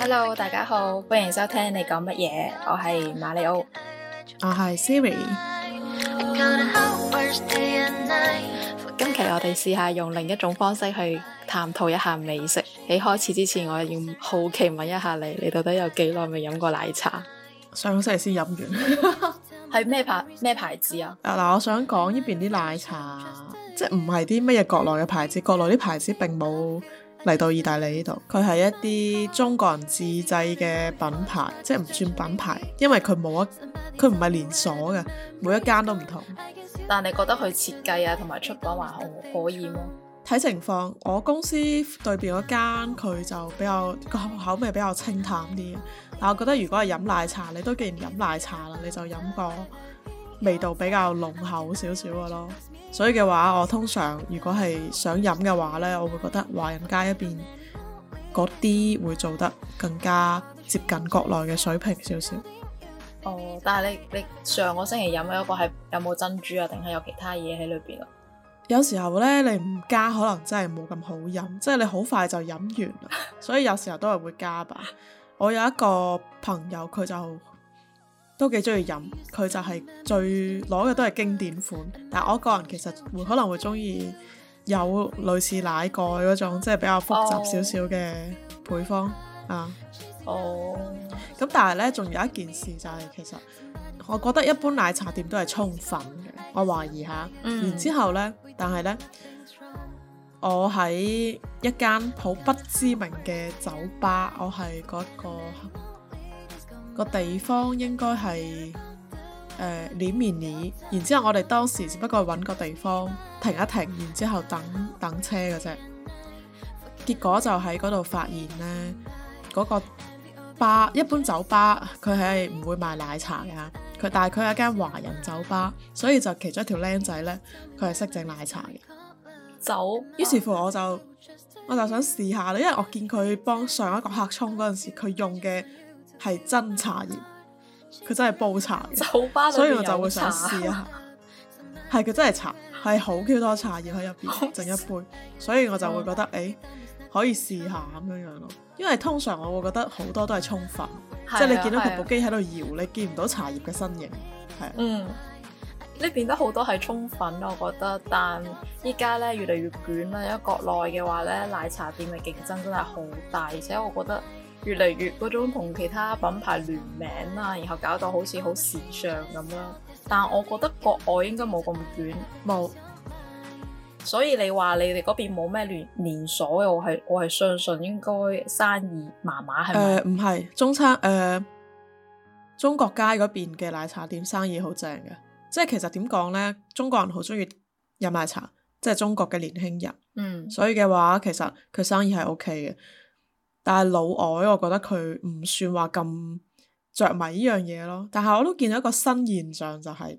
Hello，大家好，歡迎收聽你講乜嘢，我係馬里奧，我係 Siri。今期我哋試下用另一種方式去探討一下美食。喺開始之前，我要好奇問一下你，你到底有幾耐未飲過奶茶？上個星期先飲完。係咩牌，咩牌子啊？嗱、啊，我想講呢邊啲奶茶。即係唔係啲乜嘢國內嘅牌子？國內啲牌子並冇嚟到意大利呢度。佢係一啲中國人自製嘅品牌，即係唔算品牌，因為佢冇一，佢唔係連鎖嘅，每一間都唔同。但係你覺得佢設計啊，同埋出品還可可以嗎？睇情況，我公司對面嗰間佢就比較個口味比較清淡啲。但我覺得如果係飲奶茶，你都既然飲奶茶啦，你就飲個味道比較濃厚少少嘅咯，所以嘅話，我通常如果係想飲嘅話呢，我會覺得華人街一邊嗰啲會做得更加接近國內嘅水平少少。哦，但係你你上個星期飲嘅一個係有冇珍珠啊，定係有其他嘢喺裏邊啊？有時候呢，你唔加可能真係冇咁好飲，即係你好快就飲完啦。 所以有時候都係會加吧。我有一個朋友佢就都幾中意飲，佢就係最攞嘅都係經典款。但係我個人其實可能會中意有類似奶蓋嗰種，即係比較複雜少少嘅配方、oh. 啊。哦。咁但係呢，仲有一件事就係、是、其實我覺得一般奶茶店都係充分嘅。我懷疑下，嗯、然之後呢，但係呢，我喺一間好不知名嘅酒吧，我係嗰、那個。個地方應該係誒、緬甸，然之後我哋當時只不過揾個地方停一停，然之後等等車嘅啫。結果就喺嗰度發現咧，嗰、嗰個吧，一般酒吧佢係唔會賣奶茶嘅，佢但係佢係一間華人酒吧，所以就其中一條僆仔咧，佢係識整奶茶嘅酒。於走是乎我就我就想試下，因為我見佢幫上一個客沖嗰陣時，佢用嘅。係真茶葉，佢真係煲茶嘅，酒吧，所以我就會想有茶 試一下，係佢 真係茶，係好 Q 多茶葉喺入邊整一杯，所以我就會覺得誒、嗯欸、可以試下咁樣樣咯。因為通常我會覺得好多都係沖粉，啊、即係你見到佢部機喺度搖，啊、你見唔到茶葉嘅身形。係、啊、嗯，呢邊都好多係沖粉，我覺得。但依家咧越嚟越捲啦，因為國內嘅話咧奶茶店嘅競爭真係好大，而且我覺得。越嚟越嗰種同其他品牌聯名啦、啊，然後搞到好似好時尚咁樣。但我覺得國外應該冇咁捲，冇有。所以你話你哋嗰邊冇咩連連鎖嘅，我係我係相信應該生意麻麻係咪？唔係、呃，中餐誒、呃、中國街嗰邊嘅奶茶店生意好正嘅。即係其實點講呢？中國人好中意飲奶茶，即係中國嘅年輕人。嗯。所以嘅話，其實佢生意係 O K 嘅。但係老外，我覺得佢唔算話咁着迷呢樣嘢咯。但係我都見到一個新現象，就是、就係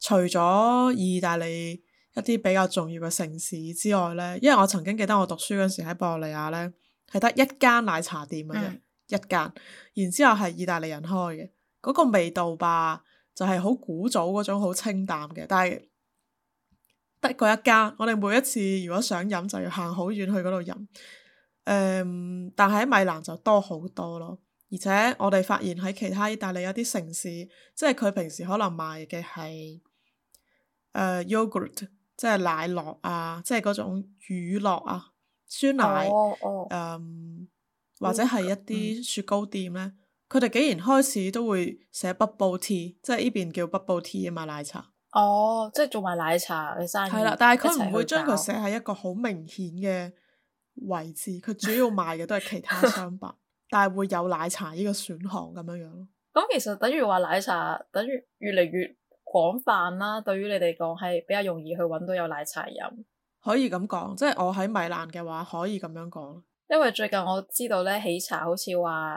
除咗意大利一啲比較重要嘅城市之外呢，因為我曾經記得我讀書嗰時喺博洛尼亞呢，係得一間奶茶店嘅啫，嗯、一間。然之後係意大利人開嘅，嗰、那個味道吧，就係、是、好古早嗰種好清淡嘅。但係得嗰一間，我哋每一次如果想飲，就要行好遠去嗰度飲。誒，um, 但係喺米蘭就多好多咯，而且我哋發現喺其他意大利有啲城市，即係佢平時可能賣嘅係誒 yogurt，即係奶酪啊，即係嗰種乳酪啊，酸奶，誒，oh, oh. um, 或者係一啲雪糕店咧，佢哋、oh, oh. 竟然開始都會寫 bubble tea，即係依邊叫 bubble tea 啊嘛，奶茶。哦，oh, 即係做埋奶茶嘅生意。係啦，但係佢唔會將佢寫喺一個好明顯嘅。位置，佢主要賣嘅都係其他商品， 但係會有奶茶呢個選項咁樣樣咯。咁其實等於話奶茶，等於越嚟越廣泛啦。對於你哋講，係比較容易去揾到有奶茶飲。可以咁講，即係我喺米蘭嘅話，可以咁樣講。因為最近我知道咧，喜茶好似話，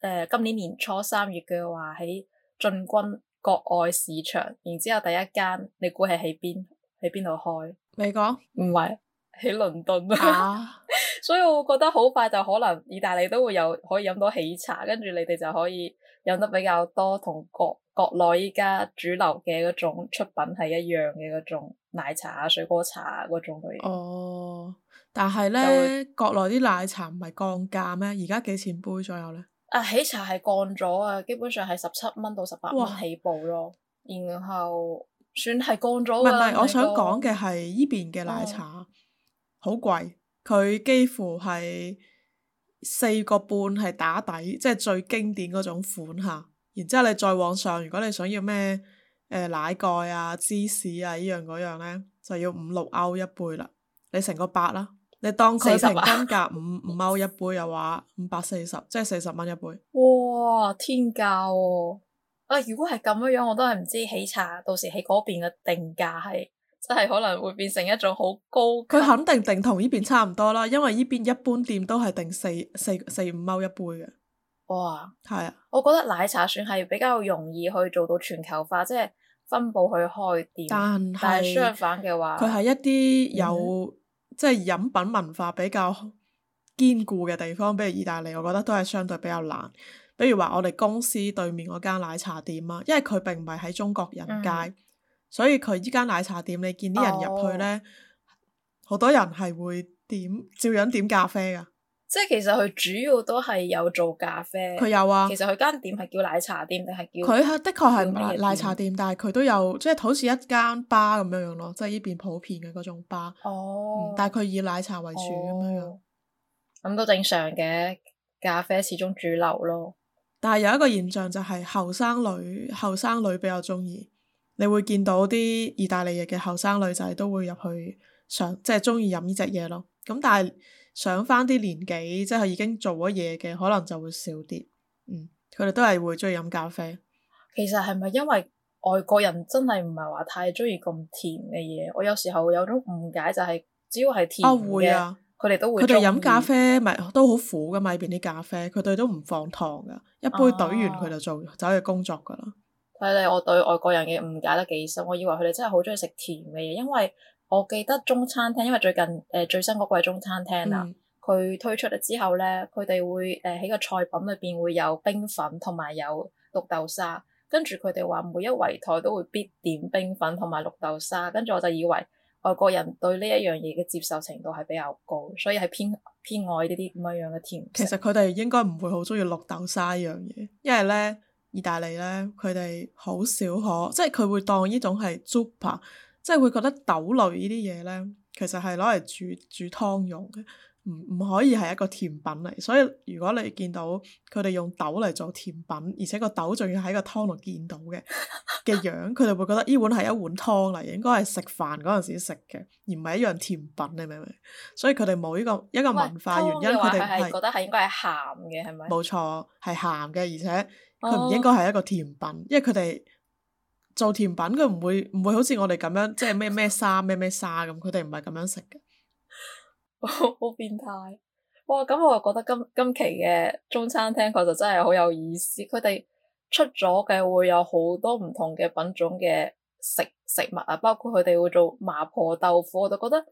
誒、呃，今年年初三月嘅話，喺進軍國外市場，然之後第一間，你估係喺邊？喺邊度開？你講唔係。喺倫敦啊， 所以我覺得好快就可能意大利都會有可以飲到喜茶，跟住你哋就可以飲得比較多，同國國內依家主流嘅嗰種出品係一樣嘅嗰種奶茶啊、水果茶嗰種類型。哦，但係咧就國內啲奶茶唔係降價咩？而家幾錢杯左右咧？啊，喜茶係降咗啊，基本上係十七蚊到十八蚊起步咯，哇然後算係降咗。唔係，那個、我想講嘅係呢邊嘅奶茶。哦好貴，佢幾乎係四個半係打底，即係最經典嗰種款嚇。然之後你再往上，如果你想要咩、呃、奶蓋啊、芝士啊依樣嗰樣咧，就要五六歐一杯啦。你成個八啦，你當佢平均價五五歐一杯嘅話，五百四十，即係四十蚊一杯。哇！天價喎、哦啊！如果係咁樣樣，我都係唔知喜茶到時喺嗰邊嘅定價係。即係可能會變成一種好高級嘅，佢肯定定同呢邊差唔多啦，因為呢邊一般店都係定四四四五歐一杯嘅。哇，係啊！我覺得奶茶算係比較容易去做到全球化，即係分佈去開店。但係相反嘅話，佢係一啲有即係飲品文化比較堅固嘅地方，嗯、比如意大利，我覺得都係相對比較難。比如話我哋公司對面嗰間奶茶店啊，因為佢並唔係喺中國人街。嗯所以佢依間奶茶店，你見啲人入去咧，好、oh. 多人係會點，照樣點咖啡噶。即係其實佢主要都係有做咖啡。佢有啊。其實佢間店係叫奶茶店定係叫？佢係的確係奶奶茶店，但係佢都有即係好似一間吧咁樣樣咯，即係呢邊普遍嘅嗰種吧。哦、oh. 嗯。但係佢以奶茶為主咁樣、oh. 樣。咁、oh. 都正常嘅，咖啡始終主流咯。但係有一個現象就係後生女後生女比較中意。你會見到啲意大利嘅後生女仔都會入去想即係中意飲呢隻嘢咯。咁但係上翻啲年紀，即係已經做咗嘢嘅，可能就會少啲。嗯，佢哋都係會中意飲咖啡。其實係咪因為外國人真係唔係話太中意咁甜嘅嘢？我有時候有種誤解就係、是，只要係甜嘅，佢哋、哦啊、都會。佢哋飲咖啡咪都好苦噶嘛，入邊啲咖啡，佢哋都唔放糖噶，一杯懟完佢就做走去、啊、工作噶啦。睇嚟我對外國人嘅誤解得幾深，我以為佢哋真係好中意食甜嘅嘢，因為我記得中餐廳，因為最近誒、呃、最新嗰季中餐廳啦，佢、嗯、推出咗之後咧，佢哋會誒喺、呃、個菜品裏邊會有冰粉同埋有綠豆沙，跟住佢哋話每一圍枱都會必點冰粉同埋綠豆沙，跟住我就以為外國人對呢一樣嘢嘅接受程度係比較高，所以係偏偏愛呢啲咁樣嘅甜。其實佢哋應該唔會好中意綠豆沙呢樣嘢，因為咧。意大利咧，佢哋好少可，即係佢會當呢種係 zupa，即係會覺得豆類呢啲嘢咧，其實係攞嚟煮煮湯用嘅，唔唔可以係一個甜品嚟。所以如果你見到佢哋用豆嚟做甜品，而且個豆仲要喺個湯度見到嘅嘅樣，佢哋 會覺得呢碗係一碗湯嚟，應該係食飯嗰陣時食嘅，而唔係一樣甜品。你明唔明？所以佢哋冇呢個一個文化原因，佢哋係因為湯你話佢係覺得係應該係鹹嘅，係咪？冇錯，係鹹嘅，而且。佢唔應該係一個甜品，oh。因為佢哋做甜品，佢唔會唔會好似我哋咁樣，即係咩咩沙咩咩沙咁，佢哋唔係咁樣食嘅。好 變態！哇，咁我又覺得今今期嘅中餐廳確實真係好有意思。佢哋出咗嘅會有好多唔同嘅品種嘅食食物啊，包括佢哋會做麻婆豆腐，我就覺得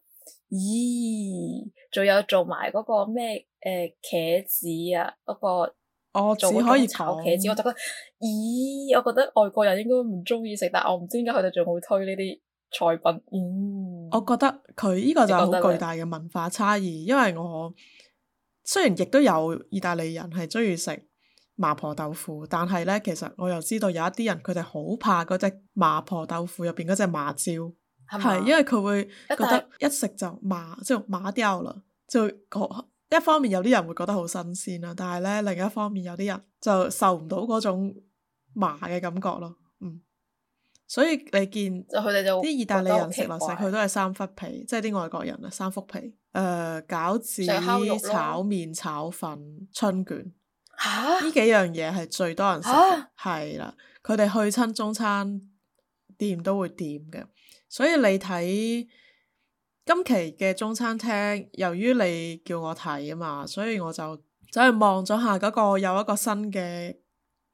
咦，仲有做埋嗰個咩誒、呃、茄子啊嗰個。我只可以炒茄子，我就覺得，咦， 我覺得外國人應該唔中意食，但係我唔知點解佢哋仲會推呢啲菜品。嗯，我覺得佢呢個就好巨大嘅文化差異，因為我雖然亦都有意大利人係中意食麻婆豆腐，但係咧其實我又知道有一啲人佢哋好怕嗰隻麻婆豆腐入邊嗰隻麻椒，係嗎因為佢會覺得一食就麻即係、麻掉啦即係。一方面有啲人會覺得好新鮮啦，但係咧另一方面有啲人就受唔到嗰種麻嘅感覺咯，嗯。所以你見啲意大利人食嚟食去，佢都係三幅皮，即係啲外國人啊，三幅皮。誒、呃，餃子、炒麵、炒粉、春卷，呢、啊、幾樣嘢係最多人食，係啦、啊，佢哋去親中餐店都會點嘅，所以你睇。今期嘅中餐廳，由於你叫我睇啊嘛，所以我就走去望咗下嗰個，有一個新嘅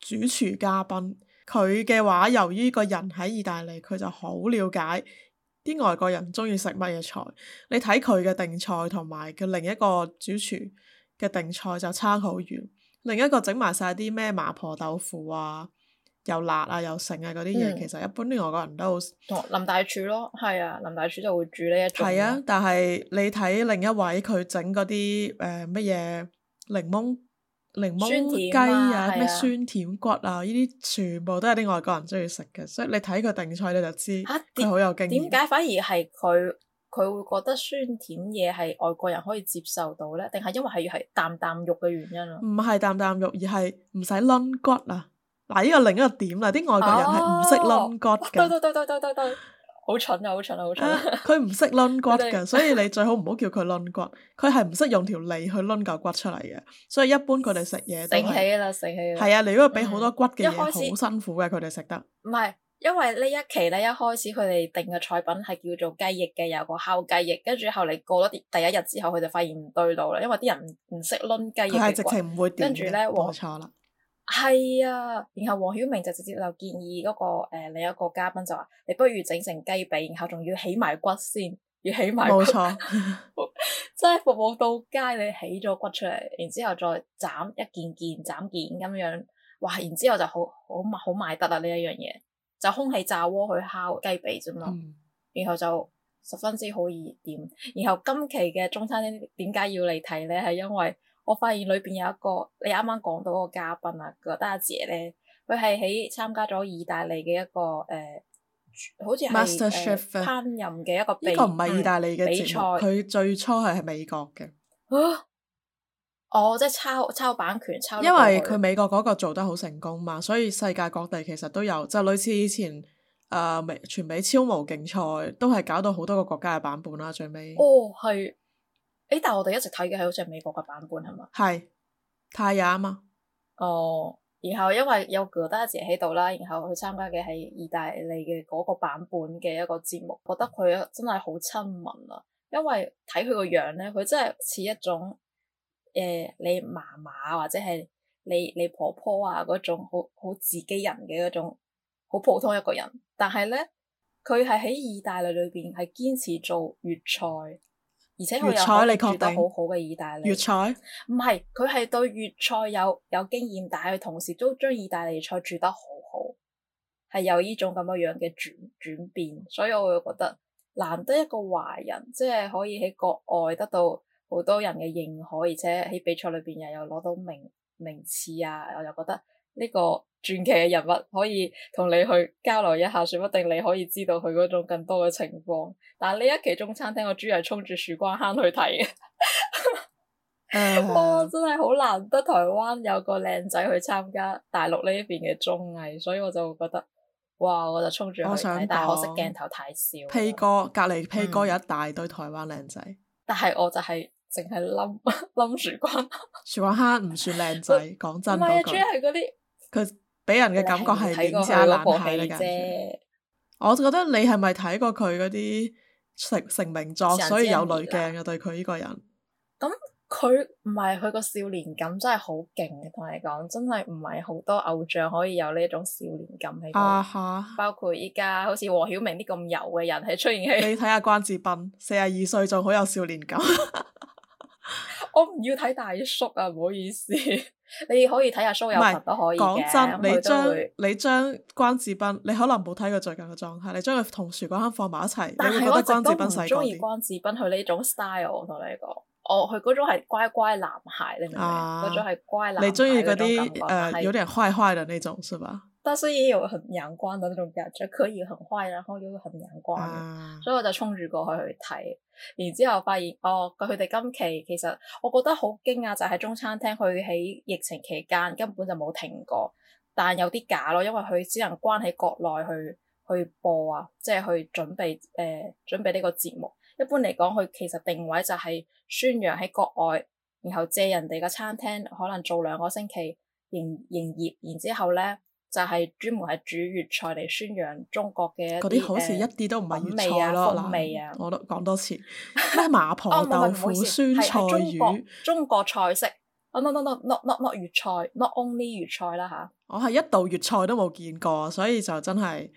主廚嘉賓。佢嘅話，由於個人喺意大利，佢就好了解啲外國人中意食乜嘢菜。你睇佢嘅定菜同埋佢另一個主廚嘅定菜就差好遠。另一個整埋晒啲咩麻婆豆腐啊～又辣啊，又剩啊，嗰啲嘢其實一般啲外國人都好。同林大廚咯，係啊，林大廚就會煮呢一種。係啊，但係你睇另一位佢整嗰啲誒乜嘢檸檬檸檬雞啊，咩酸、啊、酸甜骨啊，呢啲、啊、全部都係啲外國人中意食嘅，所以你睇佢定菜你就知一定好有經驗。點解、啊、反而係佢佢會覺得酸甜嘢係外國人可以接受到咧？定係因為係係啖啖肉嘅原因？唔係啖啖肉，而係唔使噒骨啊！嗱，呢個另一個點啦，啲外國人係唔識噒骨嘅。對對對對對對，好蠢 啊！好蠢啊！好蠢！佢唔識噒骨嘅，所以你最好唔好叫佢噒骨。佢係唔識用條脷去噒嚿骨出嚟嘅，所以一般佢哋食嘢。死起啦，死起啦！係啊，你如果俾好多骨嘅嘢，好辛苦嘅，佢哋食得。唔係，因為呢一期咧，一開始佢哋定嘅菜品係叫做雞翼嘅，有個烤雞翼，跟住後嚟過咗第一日之後，佢就發現唔對路啦，因為啲人唔識噒雞翼。佢係直情唔會點。跟住咧，冇錯啦。我係啊，然後黃曉明就直接就建議嗰、那個誒、呃、另一個嘉賓就話，你不如整成雞髀，然後仲要起埋骨先，要起埋骨，即係冇錯 服務到街，你起咗骨出嚟，然之後再斬一件件斬件咁樣，哇！然之後就好好好賣得啦呢一樣嘢，就空氣炸鍋去烤雞髀啫嘛，嗯、然後就十分之好易點，然後今期嘅中餐廳點解要嚟提咧，係因為。我發現裏邊有一個，你啱啱講到個嘉賓啊，葛大姐咧，佢係喺參加咗意大利嘅一個誒，好似係烹飪嘅一個。呢、呃 MasterChef, 呃、個唔係意大利嘅比賽，佢最初係喺美國嘅。哦、啊，哦、oh，即係抄抄版權抄。因為佢美國嗰個做得好成功嘛，所以世界各地其實都有，就類似以前誒美、呃、全美超模競賽，都係搞到好多個國家嘅版本啦。最尾哦，係、oh。誒、欸，但係我哋一直睇嘅係好似係美國嘅版本，係嘛？係太雅啊嘛。哦，然後因為有葛大姐喺度啦，然後去參加嘅係意大利嘅嗰個版本嘅一個節目，覺得佢真係好親民啊。因為睇佢個樣咧，佢真係似一種誒、呃，你嫲嫲或者係你你婆婆啊嗰種好好自己人嘅嗰種好普通一個人。但係咧，佢係喺意大利裏邊係堅持做粵菜。而且我彩，你住得好好嘅意大利，粵菜唔係佢，係對粵菜有有經驗，但係佢同時都將意大利菜煮得好好，係有呢種咁嘅樣嘅轉轉變，所以我會覺得難得一個華人，即係可以喺國外得到好多人嘅認可，而且喺比賽裏邊又有攞到名名次啊，我又覺得。呢個傳奇嘅人物可以同你去交流一下，說不定你可以知道佢嗰種更多嘅情況。但呢一期中餐廳我主要係衝住許光漢去睇嘅， 嗯、哇，嗯、真係好難得台灣有個靚仔去參加大陸呢邊嘅綜藝，所以我就覺得，哇，我就衝住去。我想但可惜鏡頭太少。披哥隔籬披哥有一大堆台灣靚仔，嗯、但係我就係淨係冧冧許光許光漢，唔算靚仔，講真。 唔係，主要係嗰啲。佢俾人嘅感覺係演視下男仔嘅啫。我就覺得你係咪睇過佢嗰啲成成名作，所以有濾鏡嘅對佢呢個人。咁佢唔係，佢個少年感真係好勁嘅，同你講真係唔係好多偶像可以有呢種少年感喺度。Uh huh. 包括依家好似黃曉明啲咁油嘅人係出現喺。你睇下關智斌，四十二歲仲好有少年感。 我唔要睇大叔啊，唔好意思， 你可以睇下蘇有朋都是可以講真你，你將你將關智斌，你可能冇睇佢最近嘅狀態，你將佢同許光漢放埋一齊。但係是 我一直都唔中意關智斌佢呢種 style，啊、我同你講，哦，佢嗰種係乖乖男孩，定係嗰種係乖男。你中意嗰啲誒，有啲人壞壞嘅呢種，是吧？但係所以有很陽光嗰種感覺，可以很壞，然後又很陽光，所以我就衝住過去去睇，然之後發現哦，佢哋今期其實我覺得好驚訝，就喺中餐廳佢喺疫情期間根本就冇停過，但有啲假咯，因為佢只能關喺國內去去播啊，即係去準備誒準備呢個節目。一般嚟講，佢其實定位就係宣揚喺國外，然後借人哋個餐廳可能做兩個星期營營業，然之後咧。就係專門係煮粵菜嚟宣揚中國嘅啲好似一啲都唔係粵菜味啊、風味啊。我都講多次咩麻婆豆腐、 oh, 酸菜魚。中國菜式，no no no no no no 粵菜，not only 粵菜啦吓，我係一道粵菜都冇見過，所以就真係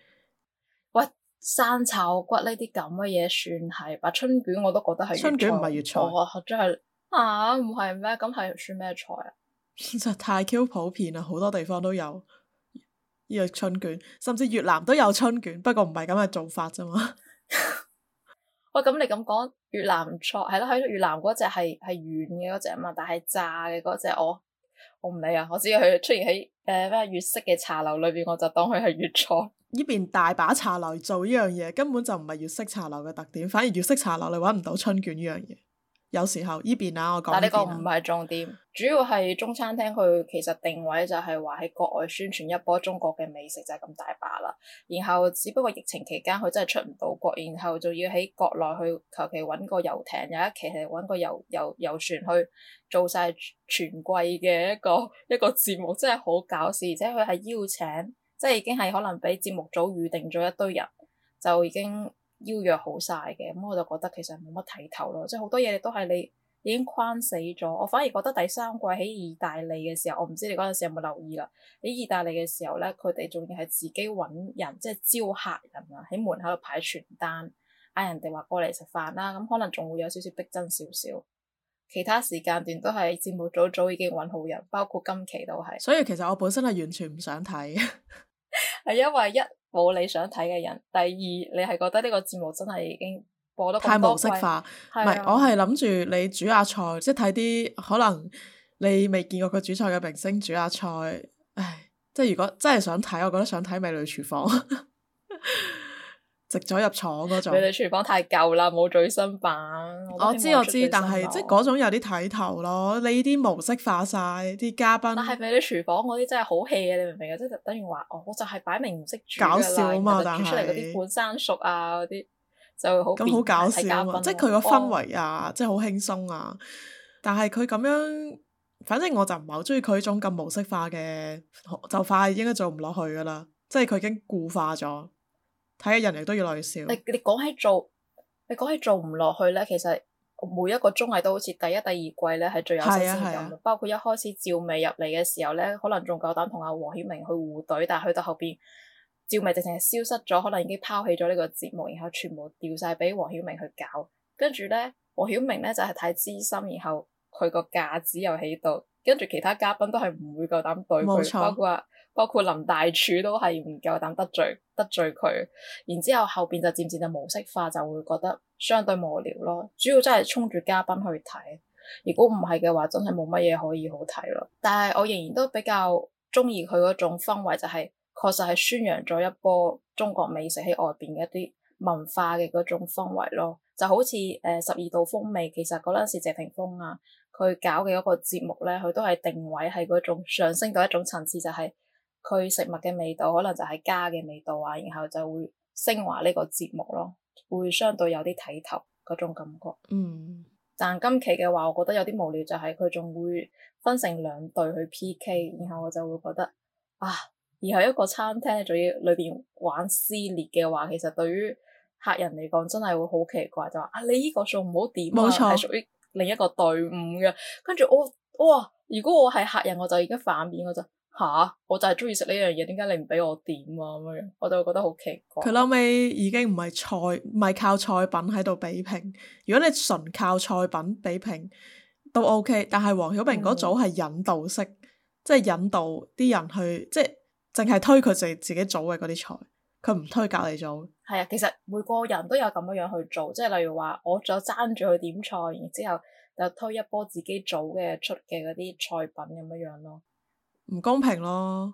骨生炒骨呢啲咁嘅嘢算係，但春卷我都覺得係春捲唔係粵菜。真係啊，唔係咩？咁係算咩菜啊？就太 q 普遍啦，好多地方都有。呢個春卷，甚至越南都有春卷，不過唔係咁嘅做法啫嘛。喂，咁你咁講越南唔錯係咯？喺越南嗰隻係係軟嘅嗰隻啊嘛，但係炸嘅嗰隻我我唔理啊。我只要佢出現喺誒咩粵式嘅茶樓裏邊，我就當佢係粵菜。呢邊大把茶樓做呢樣嘢，根本就唔係粵式茶樓嘅特點，反而粵式茶樓你搵唔到春卷呢樣嘢。有時候呢邊啊，我講、啊、但呢個唔係重點，主要係中餐廳佢其實定位就係話喺國外宣傳一波中國嘅美食就係咁大把啦。然後只不過疫情期間佢真係出唔到國，然後仲要喺國內去求其揾個遊艇，有一期係揾個遊游遊船去做晒全季嘅一個一個節目，真係好搞事。而且佢係邀請，即係已經係可能俾節目組預定咗一堆人，就已經。邀約好晒嘅，咁我就覺得其實冇乜睇頭咯，即係好多嘢都係你已經框死咗。我反而覺得第三季喺意大利嘅時候，我唔知你嗰陣時有冇留意啦。喺意大利嘅時候咧，佢哋仲要係自己揾人，即係招客人啊，喺門口度派傳單，嗌人哋話過嚟食飯啦。咁可能仲會有少少逼真少少。其他時間段都係節目早早已經揾好人，包括今期都係。所以其實我本身係完全唔想睇。 係因為一冇你想睇嘅人，第二你係覺得呢個節目真係已經播得太模式化。唔係的我係諗住你煮下菜，即係睇啲可能你未見過佢煮菜嘅明星煮下菜，唉，即係如果真係想睇，我覺得想睇美女廚房。 直咗入廠嗰種，你哋廚房太舊啦，冇最新版。我知我知，但係即係嗰種有啲睇頭咯。呢啲模式化晒，啲嘉賓。但係佢哋廚房嗰啲真係好 hea 嘅，你明唔明啊？即係就等於話，哦，我就係擺明唔識煮嘅啦，就煮出嚟嗰啲半生熟啊嗰啲，就好咁好搞笑嘛啊！哦、即係佢個氛圍啊，即係好輕鬆啊。但係佢咁樣，反正我就唔係好中意佢種咁模式化嘅，就快應該做唔落去噶啦。即係佢已經固化咗。睇下人亦都越來越少。你你講起做，你講起做唔落去咧，其實每一個綜藝都好似第一、第二季咧係最有新鮮感。啊啊、包括一開始趙薇入嚟嘅時候咧，可能仲夠膽同阿黃曉明去互懟，但係去到後邊，趙薇直情消失咗，可能已經拋棄咗呢個節目，然後全部掉晒俾黃曉明去搞。跟住咧，黃曉明咧就係太資深，然後佢個架子又喺度，跟住其他嘉賓都係唔會夠膽懟佢，包包括林大廚都係唔夠膽得罪得罪佢，然之後後邊就漸漸就模式化，就會覺得相對無聊咯。主要真係衝住嘉賓去睇，如果唔係嘅話，真係冇乜嘢可以好睇咯。但係我仍然都比較中意佢嗰種氛圍，就係，就係確實係宣揚咗一波中國美食喺外邊嘅一啲文化嘅嗰種氛圍咯。就好似誒、呃、十二道風味，其實嗰陣時謝霆鋒啊佢搞嘅嗰個節目咧，佢都係定位係嗰種上升到一種層次，就係，就係。佢食物嘅味道可能就係家嘅味道啊，然後就會升華呢個節目咯，會相對有啲睇頭嗰種感覺。嗯，但今期嘅話，我覺得有啲無聊，就係佢仲會分成兩隊去 PK，然後我就會覺得啊，然後一個餐廳仲要裏邊玩撕裂嘅話，其實對於客人嚟講真係會好奇怪，就話啊，你呢個餸，唔好掂啊，係、啊、冇錯，屬於另一個隊伍嘅。跟住我哇，如果我係客人，我就而家反面我就。吓！我就係中意食呢樣嘢，點解你唔俾我點啊？咁樣，我就覺得好奇怪。佢孻尾已經唔係菜，唔係靠菜品喺度比拼。如果你純靠菜品比拼都 OK，但係黃曉明嗰組係引導式，嗯、即係引導啲人去，即係淨係推佢自自己組嘅嗰啲菜，佢唔推隔籬組。係啊，其實每個人都有咁樣樣去做，即係例如話我仲有爭住去點菜，然之後就推一波自己組嘅出嘅嗰啲菜品咁樣樣咯。唔公平咯，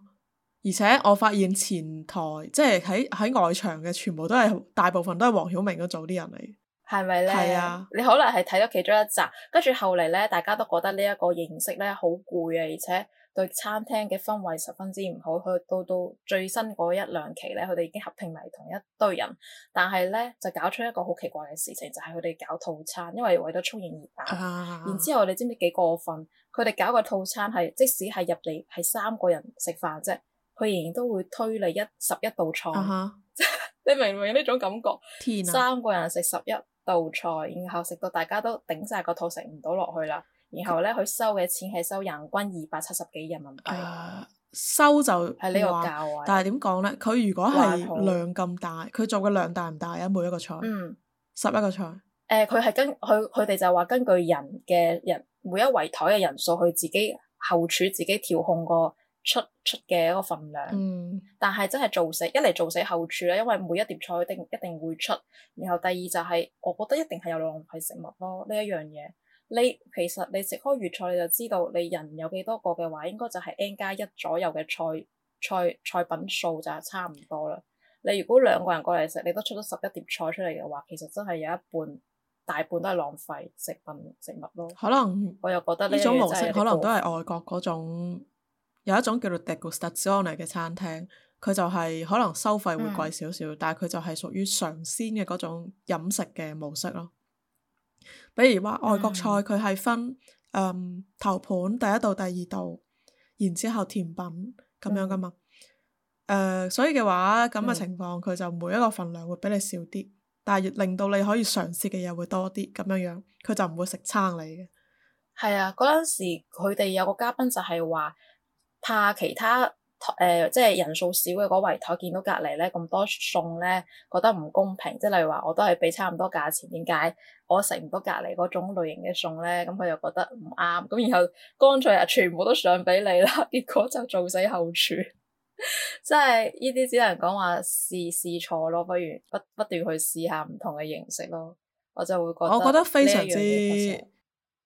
而且我發現前台即係喺喺外場嘅全部都係大部分都係黃曉明嗰組啲人嚟，係咪咧？係啊，你可能係睇咗其中一集，跟住後嚟咧，大家都覺得認識呢一個形式咧好攰啊，而且，對餐廳嘅氛圍十分之唔好，去到到最新嗰一兩期咧，佢哋已經合併埋同一堆人，但係咧就搞出一個好奇怪嘅事情，就係佢哋搞套餐，因為為咗促營而打。Uh huh. 然之後你知唔知幾過分？佢哋搞個套餐係即使係入嚟係三個人食飯啫，佢仍然都會推你一十一道菜。Uh huh. 你明唔明呢種感覺？啊、三個人食十一道菜，然後食到大家都頂晒個肚，食唔到落去啦。然後咧，佢收嘅錢係收人均二百七十幾人民幣。啊、收就係呢個價位。但係點講咧？佢如果係量咁大，佢做嘅量大唔大啊？每一個菜，十一，嗯、個菜。誒、呃，佢係根佢佢哋就話根據人嘅人每一圍台嘅人數，佢自己後廚自己調控個出出嘅一個份量。嗯。但係真係做死，一嚟做死後廚咧，因為每一碟菜一定一定會出。然後第二就係、是，我覺得一定係有浪費食物咯，呢一樣嘢。你其實你食開粵菜，你就知道你人有幾多個嘅話，應該就係 N 加一左右嘅菜菜菜品數就係差唔多啦。你如果兩個人過嚟食，你都出咗十一碟菜出嚟嘅話，其實真係有一半大半都係浪費食品食物咯。可能我又覺得呢種模式可能都係外國嗰種有一種叫做 degustazione 嘅餐廳，佢就係、是、可能收費會貴少少，嗯、但係佢就係屬於嘗鮮嘅嗰種飲食嘅模式咯。比如話外國菜佢係、嗯、分誒、嗯、頭盤，第一道，第二道，然之後甜品咁樣噶嘛、嗯呃，所以嘅話咁嘅情況佢、嗯、就每一個份量會比你少啲，但係令到你可以嘗試嘅嘢會多啲咁樣樣，佢就唔會食撐你嘅。係啊，嗰陣時佢哋有個嘉賓就係話怕其他。誒、呃，即係人數少嘅嗰圍台，見到隔離咧咁多餸咧，覺得唔公平。即係例如話，我都係俾差唔多價錢，點解我食唔到隔離嗰種類型嘅餸咧？咁佢又覺得唔啱。咁然後乾脆啊，全部都上俾你啦。結果就做死後廚， 即係呢啲只能講話試試錯咯。不如不不斷去試下唔同嘅形式咯，我就會覺得。我覺得非常之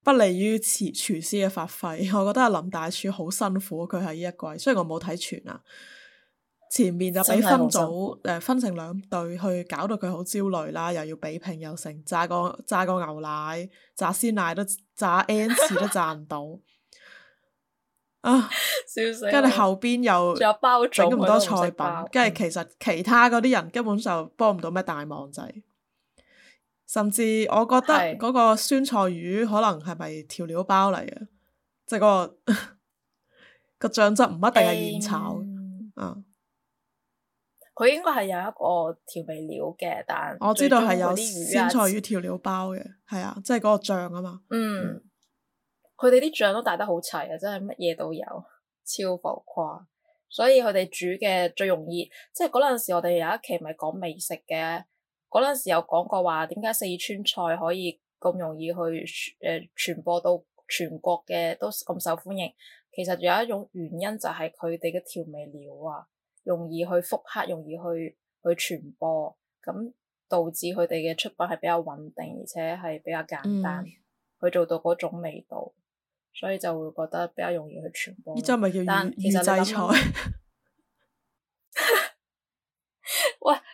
不利於廚廚師嘅發揮，我覺得林大廚好辛苦，佢喺呢一季，雖然我冇睇全啊，前面就畀分組，誒、呃、分成兩隊去搞到佢好焦慮啦，又要比拼又成炸個炸個牛奶，炸鮮奶都炸 N 次都炸唔到， 啊，跟住後邊又整咁多菜品，跟住其實、嗯、其他嗰啲人根本就幫唔到咩大忙仔。甚至我覺得嗰個酸菜魚可能係咪調料包嚟嘅，即係嗰個個 醬汁唔一定係現炒，啊、嗯，佢、嗯、應該係有一個調味料嘅，但我知道係有酸菜魚調料包嘅，係啊，即係嗰個醬啊嘛。嗯，佢哋啲醬都帶得好齊啊，真係乜嘢都有，超浮誇。所以佢哋煮嘅最容易，即係嗰陣時我哋有一期咪講美食嘅。嗰陣時有講過話，點解四川菜可以咁容易去誒傳播到全國嘅都咁受歡迎？其實有一種原因就係佢哋嘅調味料啊，容易去複刻，容易去去傳播，咁導致佢哋嘅出品係比較穩定，而且係比較簡單、嗯、去做到嗰種味道，所以就會覺得比較容易去傳播。呢真咪叫預預製菜。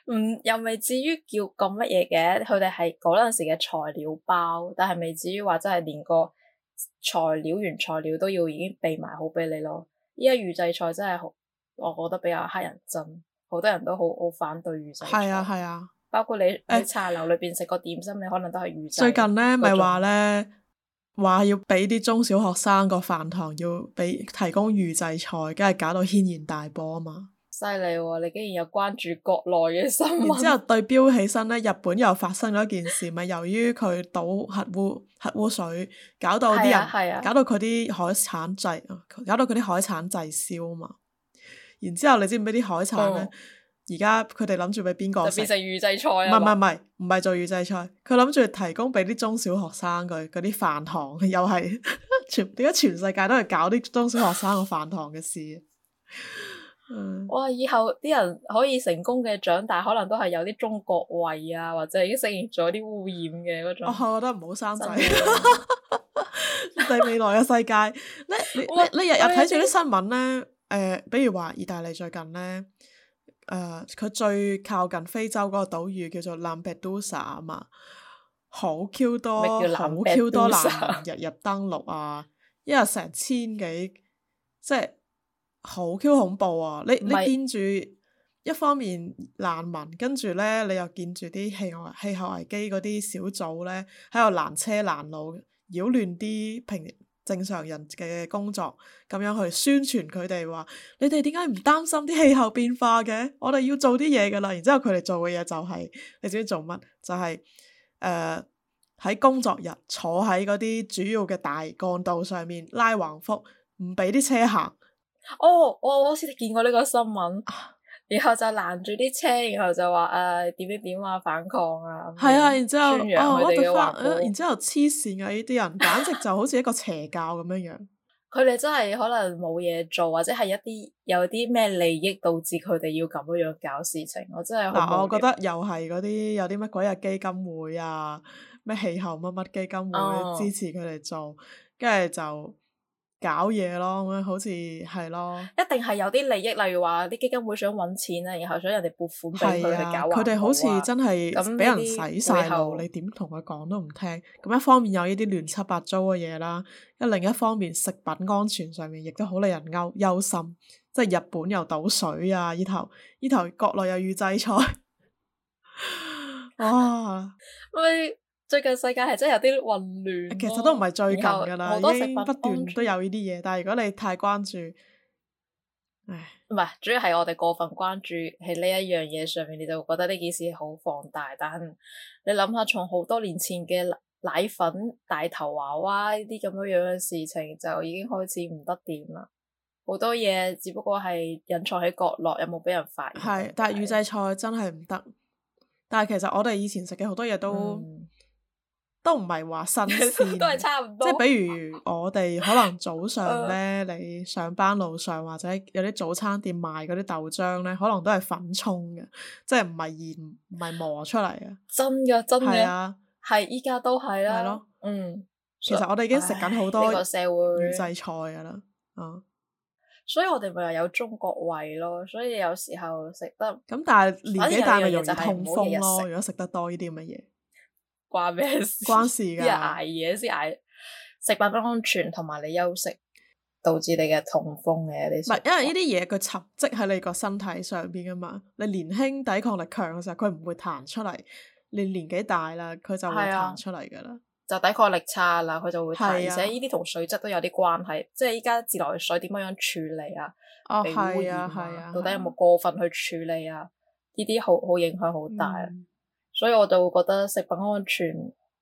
嗯，又未至於叫咁乜嘢嘅，佢哋係嗰陣時嘅材料包，但係未至於話真係連個材料原材料都要已經備埋好俾你咯。依家預製菜真係好，我覺得比較乞人憎，好多人都好好反對預製菜。係啊係啊，啊包括你喺茶樓裏邊食個點心，欸、你可能都係預製。最近咧，咪話咧，話要俾啲中小學生個飯堂要俾提供預製菜，梗係搞到軒然大波啊嘛。犀利、哦、你竟然有關注國內嘅生活？然之後對標起身咧，日本又發生咗一件事，咪 由於佢倒核污核污水，搞到啲人，搞到佢啲海產滯啊，搞到佢啲海產滯銷啊嘛。然之後你知唔知啲海產咧？而家佢哋諗住俾邊個？變成預製菜啊！唔唔唔，唔係做預製菜，佢諗住提供俾啲中小學生佢啲飯堂，又係全點解全世界都係搞啲中小學生嘅飯堂嘅事？ 哇、嗯哦！以後啲人可以成功嘅長大，可能都係有啲中國胃啊，或者已經適應咗啲污染嘅嗰種。我覺得唔好生仔。喺未 來嘅世界，你你，我你，你日日睇住啲新聞咧，誒我、呃，比如話意大利最近咧，誒、呃，佢最靠近非洲嗰個島嶼叫做蘭佩杜薩啊嘛，好 Q 多好 Q 多難民日，日日登陸啊，一日成千幾，即係。好 Q 恐怖啊！你你見住一方面難民，跟住呢，你又見住啲氣候氣候危機嗰啲小組呢，喺度攔車攔路，擾亂啲平正常人嘅工作，咁樣去宣傳佢哋話：你哋點解唔擔心啲氣候變化嘅？我哋要做啲嘢噶啦。然之後佢哋做嘅嘢就係、是、你知唔知做乜？就係誒喺工作日坐喺嗰啲主要嘅大幹道上面拉橫幅，唔俾啲車行。哦，我我好似見過呢個新聞，然後就攔住啲車，然後就話誒點點點啊反抗啊，係啊， 然之後我哋翻，然之後黐線啊呢啲人，簡直就好似一個邪教咁樣樣。佢哋真係可能冇嘢做，或者係一啲有啲咩利益導致佢哋要咁樣樣搞事情，really，我真係嗱，我覺得又係嗰啲有啲乜鬼啊基金會啊，咩氣候乜乜基金會支持佢哋做，跟住就。 oh. 搞嘢咯，咁樣好似係咯。一定係有啲利益，例如話啲基金會想揾錢啊，然後想人哋撥款俾佢哋。佢哋好似真係俾人洗晒腦，這這你點同佢講都唔聽。咁一方面有呢啲亂七八糟嘅嘢啦，一另一方面食品安全上面亦都好令人憂憂心，即係日本又倒水啊，呢頭呢頭國內又預製菜，哇！喂。最近世界係真係有啲混亂，其實都唔係最近㗎啦，好多食品不斷都有呢啲嘢。但係如果你太關注，唉，唔係，主要係我哋過分關注喺呢一樣嘢上面，你就會覺得呢件事好放大。但係你諗下，從好多年前嘅奶粉大頭娃娃呢啲咁樣樣嘅事情，就已經開始唔得掂啦。好多嘢只不過係隱藏喺角落，有冇俾人發現？係，但係預製菜真係唔得。但係其實我哋以前食嘅好多嘢都、嗯、～都唔係話新鮮，都係差唔多。即係比如我哋可能早上咧，你上班路上或者有啲早餐店賣嗰啲豆漿咧，可能都係粉沖嘅，即係唔係鹽唔係磨出嚟嘅。真嘅真嘅係依家都係啦。嗯，其實我哋已經食緊好多預製菜噶啦。啊，所以我哋咪有有中國胃咯。所以有時候食得咁，但係年紀大咪容易痛風咯。如果食得多呢啲咁嘅嘢。關咩事？關事㗎。捱夜先捱，食品安全同埋你休息導致你嘅痛風嘅啲，唔係因為呢啲嘢佢沉積喺你個身體上邊噶嘛。你年輕抵抗力強嘅時候佢唔會彈出嚟，你年紀大啦佢就會彈出嚟噶啦，就抵抗力差啦佢就會彈。啊、而且呢啲同水質都有啲關係，即係依家自來水點樣樣處理啊？被、哦、污染啊？啊啊啊到底有冇過分去處理啊？呢啲好好，好影響好大。嗯所以我就會覺得食品安全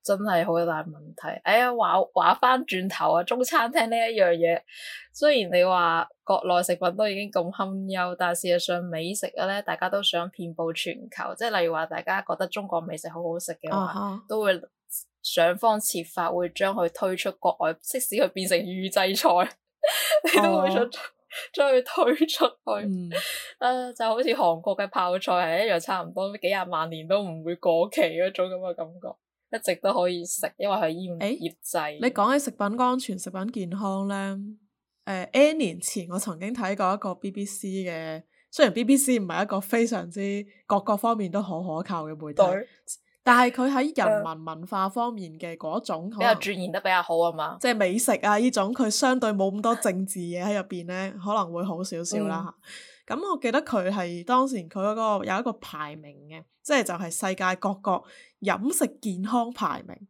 真係好大問題。哎呀，話話翻轉頭啊，中餐廳呢一樣嘢，雖然你話國內食品都已經咁堪憂，但事實上美食咧，大家都想遍佈全球。即係例如話，大家覺得中國美食好好食嘅話，uh huh. 都會想方設法會將佢推出國外，即使佢變成預製菜， 你都會想。Uh huh. 將佢推出去，誒、嗯啊，就好似韓國嘅泡菜係一樣，差唔多幾廿萬年都唔會過期嗰種咁嘅感覺，一直都可以食，因為佢醃醃製。你講起食品安全、食品健康咧，呃，N 年前我曾經睇過一個 BBC 嘅，雖然 BBC 唔係一個非常之各各方面都好可靠嘅媒體。但係佢喺人民文化方面嘅嗰種可能，即係展現得比較好啊嘛。即係美食啊呢種佢相對冇咁多政治嘢喺入邊咧，可能會好少少啦。咁、嗯、我記得佢係當時佢嗰個有一個排名嘅，即係就係、是、世界各國飲食健康排名。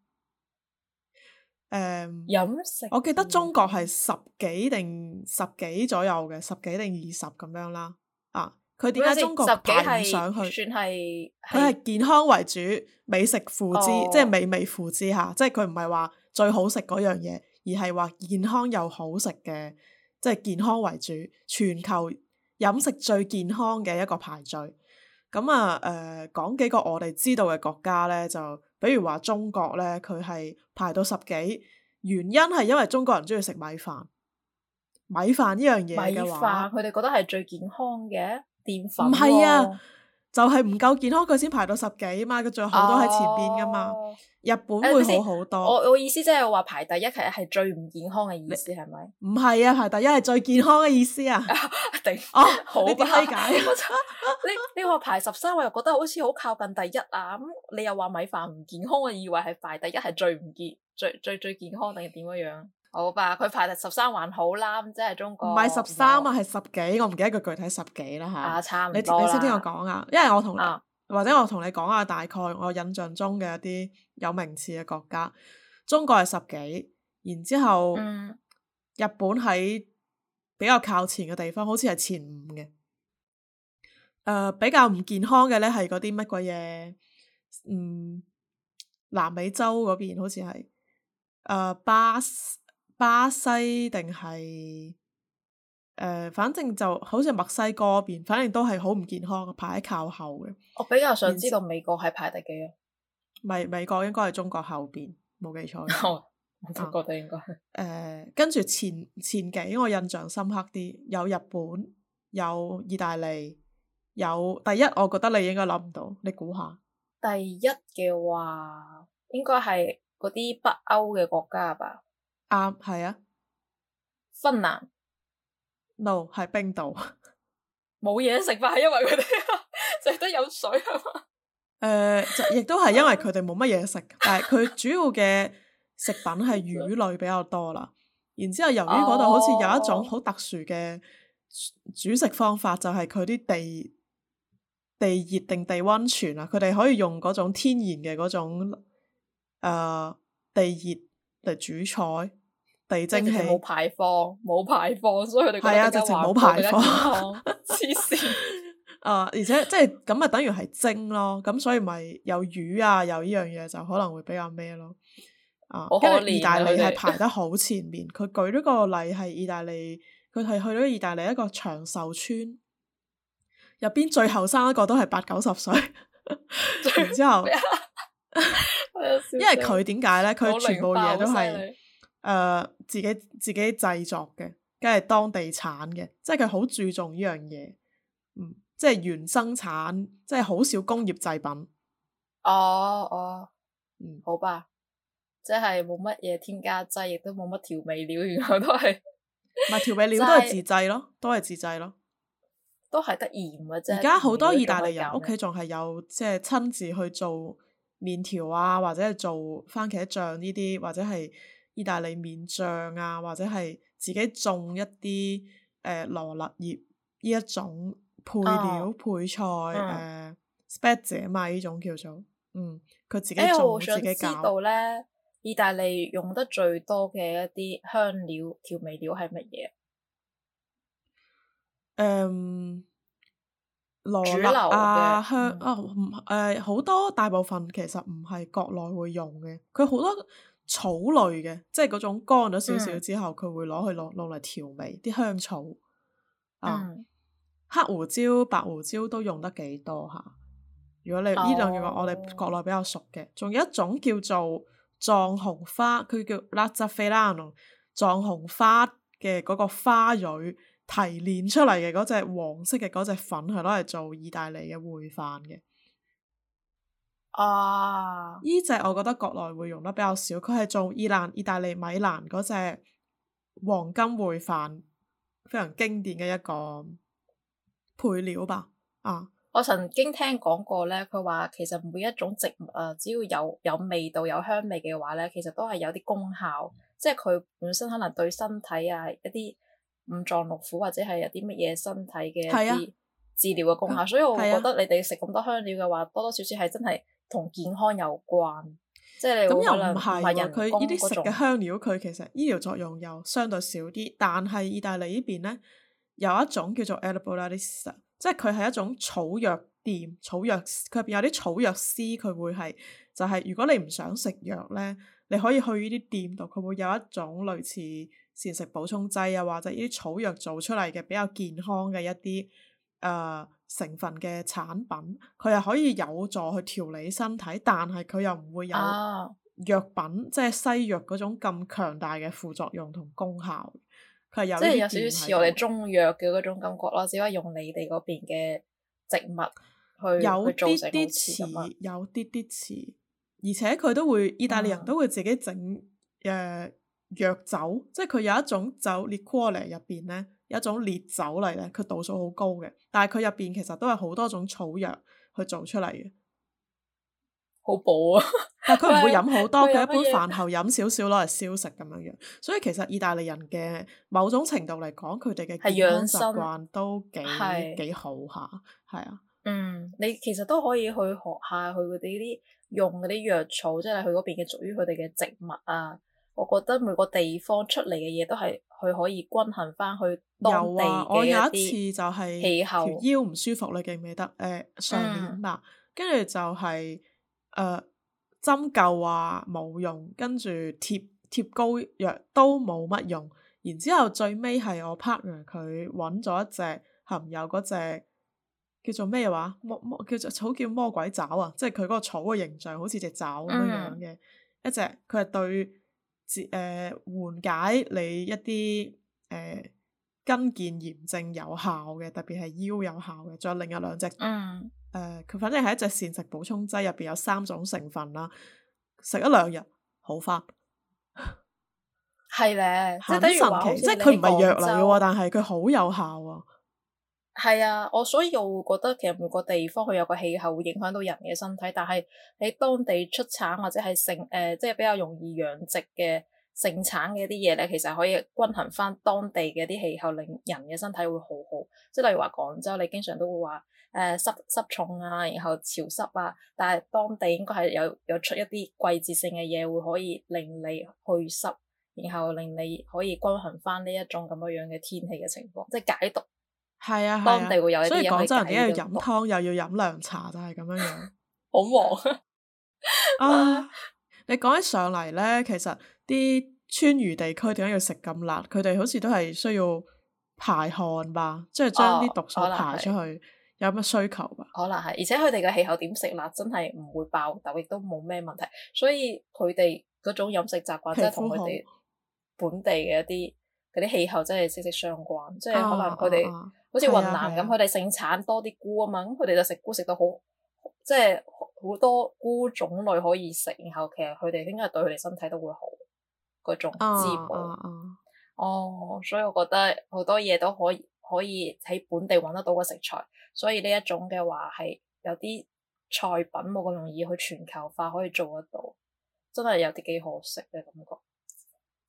誒、um，飲食。我記得中國係十幾定十幾左右嘅，十幾定二十咁樣啦。佢點解中國排唔上去？算係佢係健康為主，美食付之，哦、即係美味付之下，即係佢唔係話最好食嗰樣嘢，而係話健康又好食嘅，即係健康為主。全球飲食最健康嘅一個排序。咁啊，誒、呃、講幾個我哋知道嘅國家咧，就比如話中國咧，佢係排到十幾，原因係因為中國人中意食米飯，米飯呢樣嘢嘅話，佢哋覺得係最健康嘅。唔係啊，就係唔夠健康佢先排到十幾嘛，佢最好都喺前邊噶嘛。Oh. 日本會好好多。我我意思即係話排第一係係最唔健康嘅意思係咪？唔係你嗎啊，排第一係最健康嘅意思啊。 定哦，呢啲理解。你你話排十三我又覺得好似好靠近第一啊？咁你又話米飯唔健康，我以為係排第一係最唔健、最最最健康定係點樣樣？好吧，佢排第十三還好啦，即係中國。唔係十三啊，係我十幾，我唔記得佢具體十幾啦嚇。啊，差唔多啦。你你先聽我講啊？因為我同、啊、或者我同你講下大概我印象中嘅一啲有名次嘅國家，中國係十幾，然之後、嗯、日本喺比較靠前嘅地方，好似係前五嘅。誒、呃，比較唔健康嘅咧，係嗰啲乜鬼嘢？嗯，南美洲嗰邊好似係誒巴士。巴西定係，誒、呃，反正就好似墨西哥邊，反正都係好唔健康，排喺靠後嘅。我比較想知道美國係排第幾啊？咪美國應該係中國後邊，冇記錯、哦。我覺得應該係。誒、呃，跟住前前幾我印象深刻啲，有日本，有意大利，有第一，我覺得你應該諗唔到，你估下。第一嘅話，應該係嗰啲北歐嘅國家吧。啱係、嗯、啊，芬蘭、啊、，no 係冰島，冇嘢食吧？因為佢哋食得有水啊嘛。誒、呃，亦都係因為佢哋冇乜嘢食， 但係佢主要嘅食品係魚類比較多啦。然之後由於嗰度好似有一種好特殊嘅煮食方法，oh. 就係佢啲地地熱定地溫泉啊，佢哋可以用嗰種天然嘅嗰種誒、呃、地熱嚟煮菜。地蒸氣冇排放，冇排放，所以佢哋係啊，直情冇排放，黐線。啊！而且即係咁啊，等於係蒸咯。咁所以咪有魚啊，有呢樣嘢就可能會比較咩咯。啊，我覺得意大利係排得好前面。佢 舉咗個例係意大利，佢係去咗意大利一個長壽村，入邊最後生一個都係八九十歲。最 然之後， 因為佢點解咧？佢全部嘢都係誒。呃自己自己製作嘅，梗係當地產嘅，即係佢好注重呢樣嘢，嗯，即係原生產，即係好少工業製品。哦哦，哦嗯，好吧，即係冇乜嘢添加劑，亦都冇乜調味料，然後都係，唔係 調味料都係自製咯、就是，都係自製咯，都係得鹽嘅啫。而家好多意大利人屋企仲係有，即係親自去做麪條啊，或者係做番茄醬呢啲，或者係。意大利麵醬啊，或者係自己種一啲誒、呃、羅勒葉呢一種配料、啊、配菜誒，spaghet 嘛呢種叫做嗯，佢自己做，自己搞。咧、欸，意大利用得最多嘅一啲香料調味料係乜嘢？誒、嗯，羅勒啊香、嗯、啊唔好、呃、多大部分其實唔係國內會用嘅，佢好多。嗯草類嘅，即係嗰種乾咗少少之後，佢、嗯、會攞去攞攞嚟調味啲香草啊，uh, 嗯、黑胡椒、白胡椒都用得幾多吓。如果你呢兩樣我哋國內比較熟嘅，仲有一種叫做藏紅花，佢叫 lo zafferano 藏紅花嘅嗰個花蕊提煉出嚟嘅嗰隻黃色嘅嗰隻粉，係攞嚟做意大利嘅燴飯嘅。啊，依隻我覺得國內會用得比較少，佢係做意蘭、意大利、米蘭嗰隻黃金燴飯，非常經典嘅一個配料吧。啊，我曾經聽講過咧，佢話其實每一種植物啊，只要有有味道、有香味嘅話咧，其實都係有啲功效，嗯、即係佢本身可能對身體啊一啲五臟六腑或者係有啲乜嘢身體嘅、啊、治療嘅功效，啊、所以我覺得你哋食咁多香料嘅話，多多少少係真係。同健康有關，即係咁又唔係，佢呢啲食嘅香料，佢其實醫療作用又相對少啲。但係意大利呢邊呢，有一種叫做 erboristeria，即係佢係一種草藥店、草藥佢入邊有啲草藥師，佢會係就係、是、如果你唔想食藥呢，你可以去呢啲店度，佢會有一種類似膳食補充劑啊，或者呢啲草藥做出嚟嘅比較健康嘅一啲，誒、呃，成分嘅產品，佢又可以有助去調理身體，但係佢又唔會有藥品，啊、即係西藥嗰種咁強大嘅副作用同功效。佢係有點點。即係有少少似我哋中藥嘅嗰種感覺咯，只可以用你哋嗰邊嘅植物去做成。有啲啲似，有啲啲似，而且佢都會、嗯、意大利人都會自己整誒藥酒，即係佢有一種酒，liquor 咧入邊咧。一種烈酒嚟咧，佢度數好高嘅，但係佢入邊其實都係好多種草藥去做出嚟嘅，好補啊！ 但係佢唔會飲好多佢 一般飯後飲少少攞嚟消食咁樣樣。 所以其實意大利人嘅某種程度嚟講，佢哋嘅健康習慣都幾幾好吓，係是啊。嗯，你其實都可以去學下，佢哋啲用嗰啲藥草，即係佢嗰邊嘅屬於佢哋嘅植物啊。我覺得每個地方出嚟嘅嘢都係佢可以均衡翻去當地嘅一啲氣候。啊、我有一次就係條腰唔舒服你記唔記得？誒、呃、上年嗱，跟住、嗯、就係、是、誒、呃、針灸啊冇用，跟住貼貼膏藥都冇乜用，然之後最尾係我 partner 佢揾咗一隻含有嗰隻叫做咩話魔魔叫做草叫魔鬼爪啊，即係佢嗰個草嘅形象，好似隻爪咁樣樣嘅、嗯、一隻，佢係對。治誒、呃、緩解你一啲誒筋腱炎症有效嘅，特別係腰有效嘅，仲有另外兩隻誒，佢、嗯呃、反正係一隻膳食補充劑，入邊有三種成分啦，食一兩日好翻，係咧吧，即係咁神奇，即係佢唔係藥嚟嘅喎，但係佢好有效啊！係啊，我所以又覺得其實每個地方佢有個氣候會影響到人嘅身體，但係喺當地出產或者係盛誒即係比較容易養殖嘅盛產嘅一啲嘢咧，其實可以均衡翻當地嘅啲氣候，令人嘅身體會好好。即係例如話廣州，你經常都會話誒濕濕重啊，然後潮濕啊，但係當地應該係有有出一啲季節性嘅嘢會可以令你去濕，然後令你可以均衡翻呢一種咁樣樣嘅天氣嘅情況，即係解毒。係啊，係所以廣州人點解要飲湯又要飲涼茶，就係、是、咁樣樣。好忙 啊， 啊！你講起上嚟咧，其實啲川渝地區點解要食咁辣？佢哋好似都係需要排汗吧，即係將啲毒素排出去，哦、有乜需求吧？可能係，而且佢哋嘅氣候點食辣，真係唔會爆痘，亦都冇咩問題。所以佢哋嗰種飲食習慣，即係同佢哋本地嘅一啲。嗰啲氣候真係息息相關，即係可能佢哋、oh, oh, oh. 好似雲南咁，佢哋盛產多啲菇啊嘛，咁佢哋就食菇食到好，即係好多菇種類可以食，然後其實佢哋應該對佢哋身體都會好嗰種滋補。哦，oh, oh, oh, oh. oh, 所以我覺得好多嘢都可以可以喺本地揾得到嘅食材，所以呢一種嘅話係有啲菜品冇咁容易去全球化可以做得到，真係有啲幾可惜嘅感覺。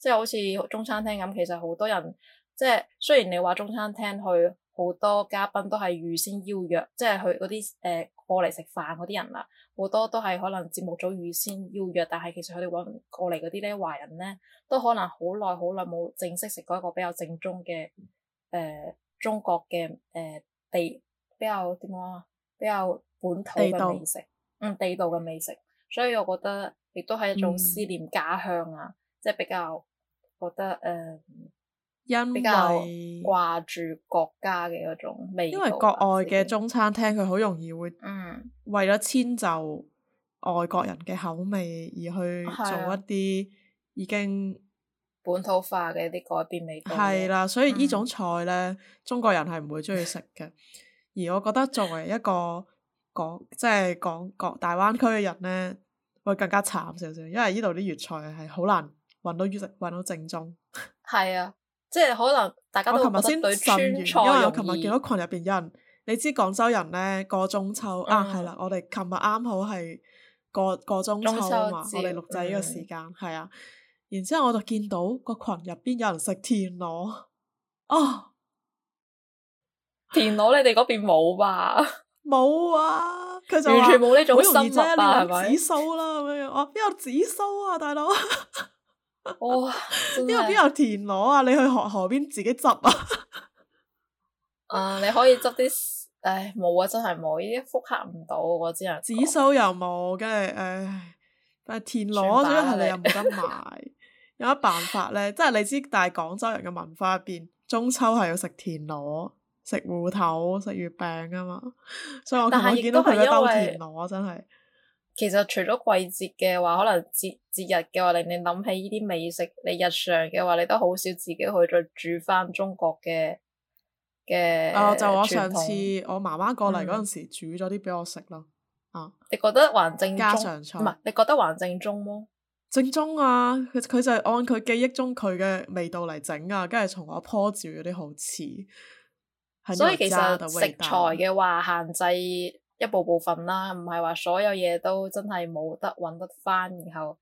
即係好似中餐廳咁，其實好多人即係雖然你話中餐廳去好多嘉賓都係預先邀約，即係去嗰啲誒過嚟食飯嗰啲人啦，好多都係可能節目組預先邀約，但係其實佢哋揾過嚟嗰啲咧華人咧，都可能好耐好耐冇正式食過一個比較正宗嘅誒、呃、中國嘅誒、呃、地比較點講啊，比較本土嘅美食，嗯地道嘅、嗯、美食，所以我覺得亦都係一種思念家鄉啊，嗯、即係比較。覺得誒，呃、因為掛住國家嘅嗰種味，因為國外嘅中餐廳佢好的容易會，嗯，為咗遷就外國人嘅口味而去做一啲已經本土化嘅一啲改變味道，係啦，所以呢種菜咧，嗯、中國人係唔會中意食嘅。 而我覺得作為一個講即係講國大灣區嘅人咧，會更加慘少少，因為呢度啲粵菜係好難。搵到原食，搵到正宗，係啊，即係可能大家都覺得對。因為我琴日見到群入邊有人，你知廣州人咧過中秋啊，係啦，我哋琴日啱好係過過中秋啊嘛，我哋錄製呢個時間，係啊，然之後我就見到個群入邊有人食田螺哦，田螺你哋嗰邊冇吧？冇啊，佢完全冇呢種習俗啊，係咪紫蘇啦咁樣樣？哦，邊有紫蘇啊，大佬？哇！呢度邊有田螺啊？你去河河邊自己執啊？啊、呃，你可以執啲，唉，冇啊，真係冇，已經複刻唔到，我知啊。紫蘇又冇，跟住唉，但係田螺，主要係你又冇得買， 有乜辦法咧？即係你知，但係廣州人嘅文化入邊，中秋係要食田螺、食芋頭、食月餅啊嘛，所以我琴日見到佢一兜田螺，真係。其實除咗季節嘅話，可能節節日嘅話令你諗起呢啲美食，你日常嘅話你都好少自己去再煮翻中國嘅嘅。哦、啊，就我上次我媽媽過嚟嗰陣時煮咗啲俾我食咯。啊你，你覺得還正宗？唔係，你覺得還正宗麼？正宗啊，佢佢就係按佢記憶中佢嘅味道嚟整啊，跟住從我鋪住嗰啲好似。所以其實食材嘅話限制。一部部分啦，唔係話所有嘢都真係冇得揾得翻，然後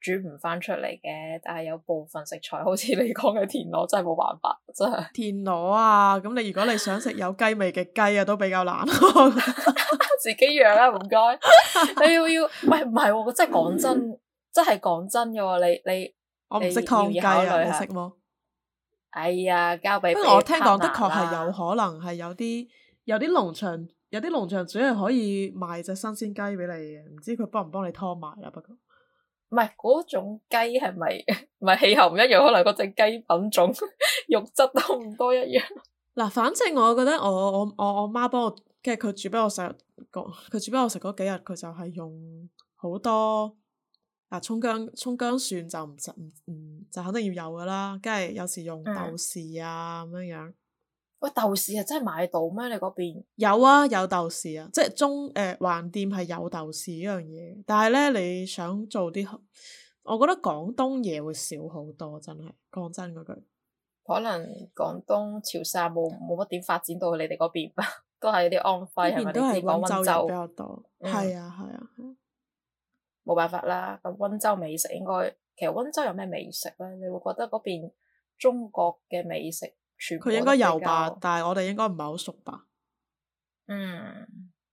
煮唔翻出嚟嘅。但係有部分食材好似你講嘅田螺，真係冇辦法，真係田螺啊！咁你如果你想食有雞味嘅雞啊，都比較難啊。 自己養啊，唔該。 你要要，唔係唔係，我真係講真，真係講真嘅。你你，我唔識劏雞啊，唔識麼？哎呀，交俾我聽講，的確係有可能係有啲 有啲農場。有啲農場主係可以賣，隻新鮮雞俾你嘅，唔知佢幫唔幫你拖埋啦。不過，唔係嗰種雞係咪唔係氣候唔一樣？可能個隻雞品種 肉質都唔多一樣。嗱，反正我覺得我我我我媽幫我，即係佢煮俾我食佢煮俾我食嗰幾日，佢就係用好多嗱，蔥薑蔥薑蒜就唔就唔唔就肯定要有噶啦，跟住有時用豆豉啊咁樣樣。嗯喂，豆豉係真係買到咩？你嗰邊有啊，有豆豉啊，即係中誒，橫店係有豆豉呢樣嘢。但係咧，你想做啲，我覺得廣東嘢會少好多，真係講真嗰句。可能廣東潮、潮汕冇冇乜點發展到你哋嗰邊吧，都係啲安徽係咪？啲溫州比較多，係、嗯、啊，係啊，冇辦法啦。咁溫州美食應該，其實溫州有咩美食咧？你會覺得嗰邊中國嘅美食？佢應該有吧，但係我哋應該唔係好熟吧。嗯嗯，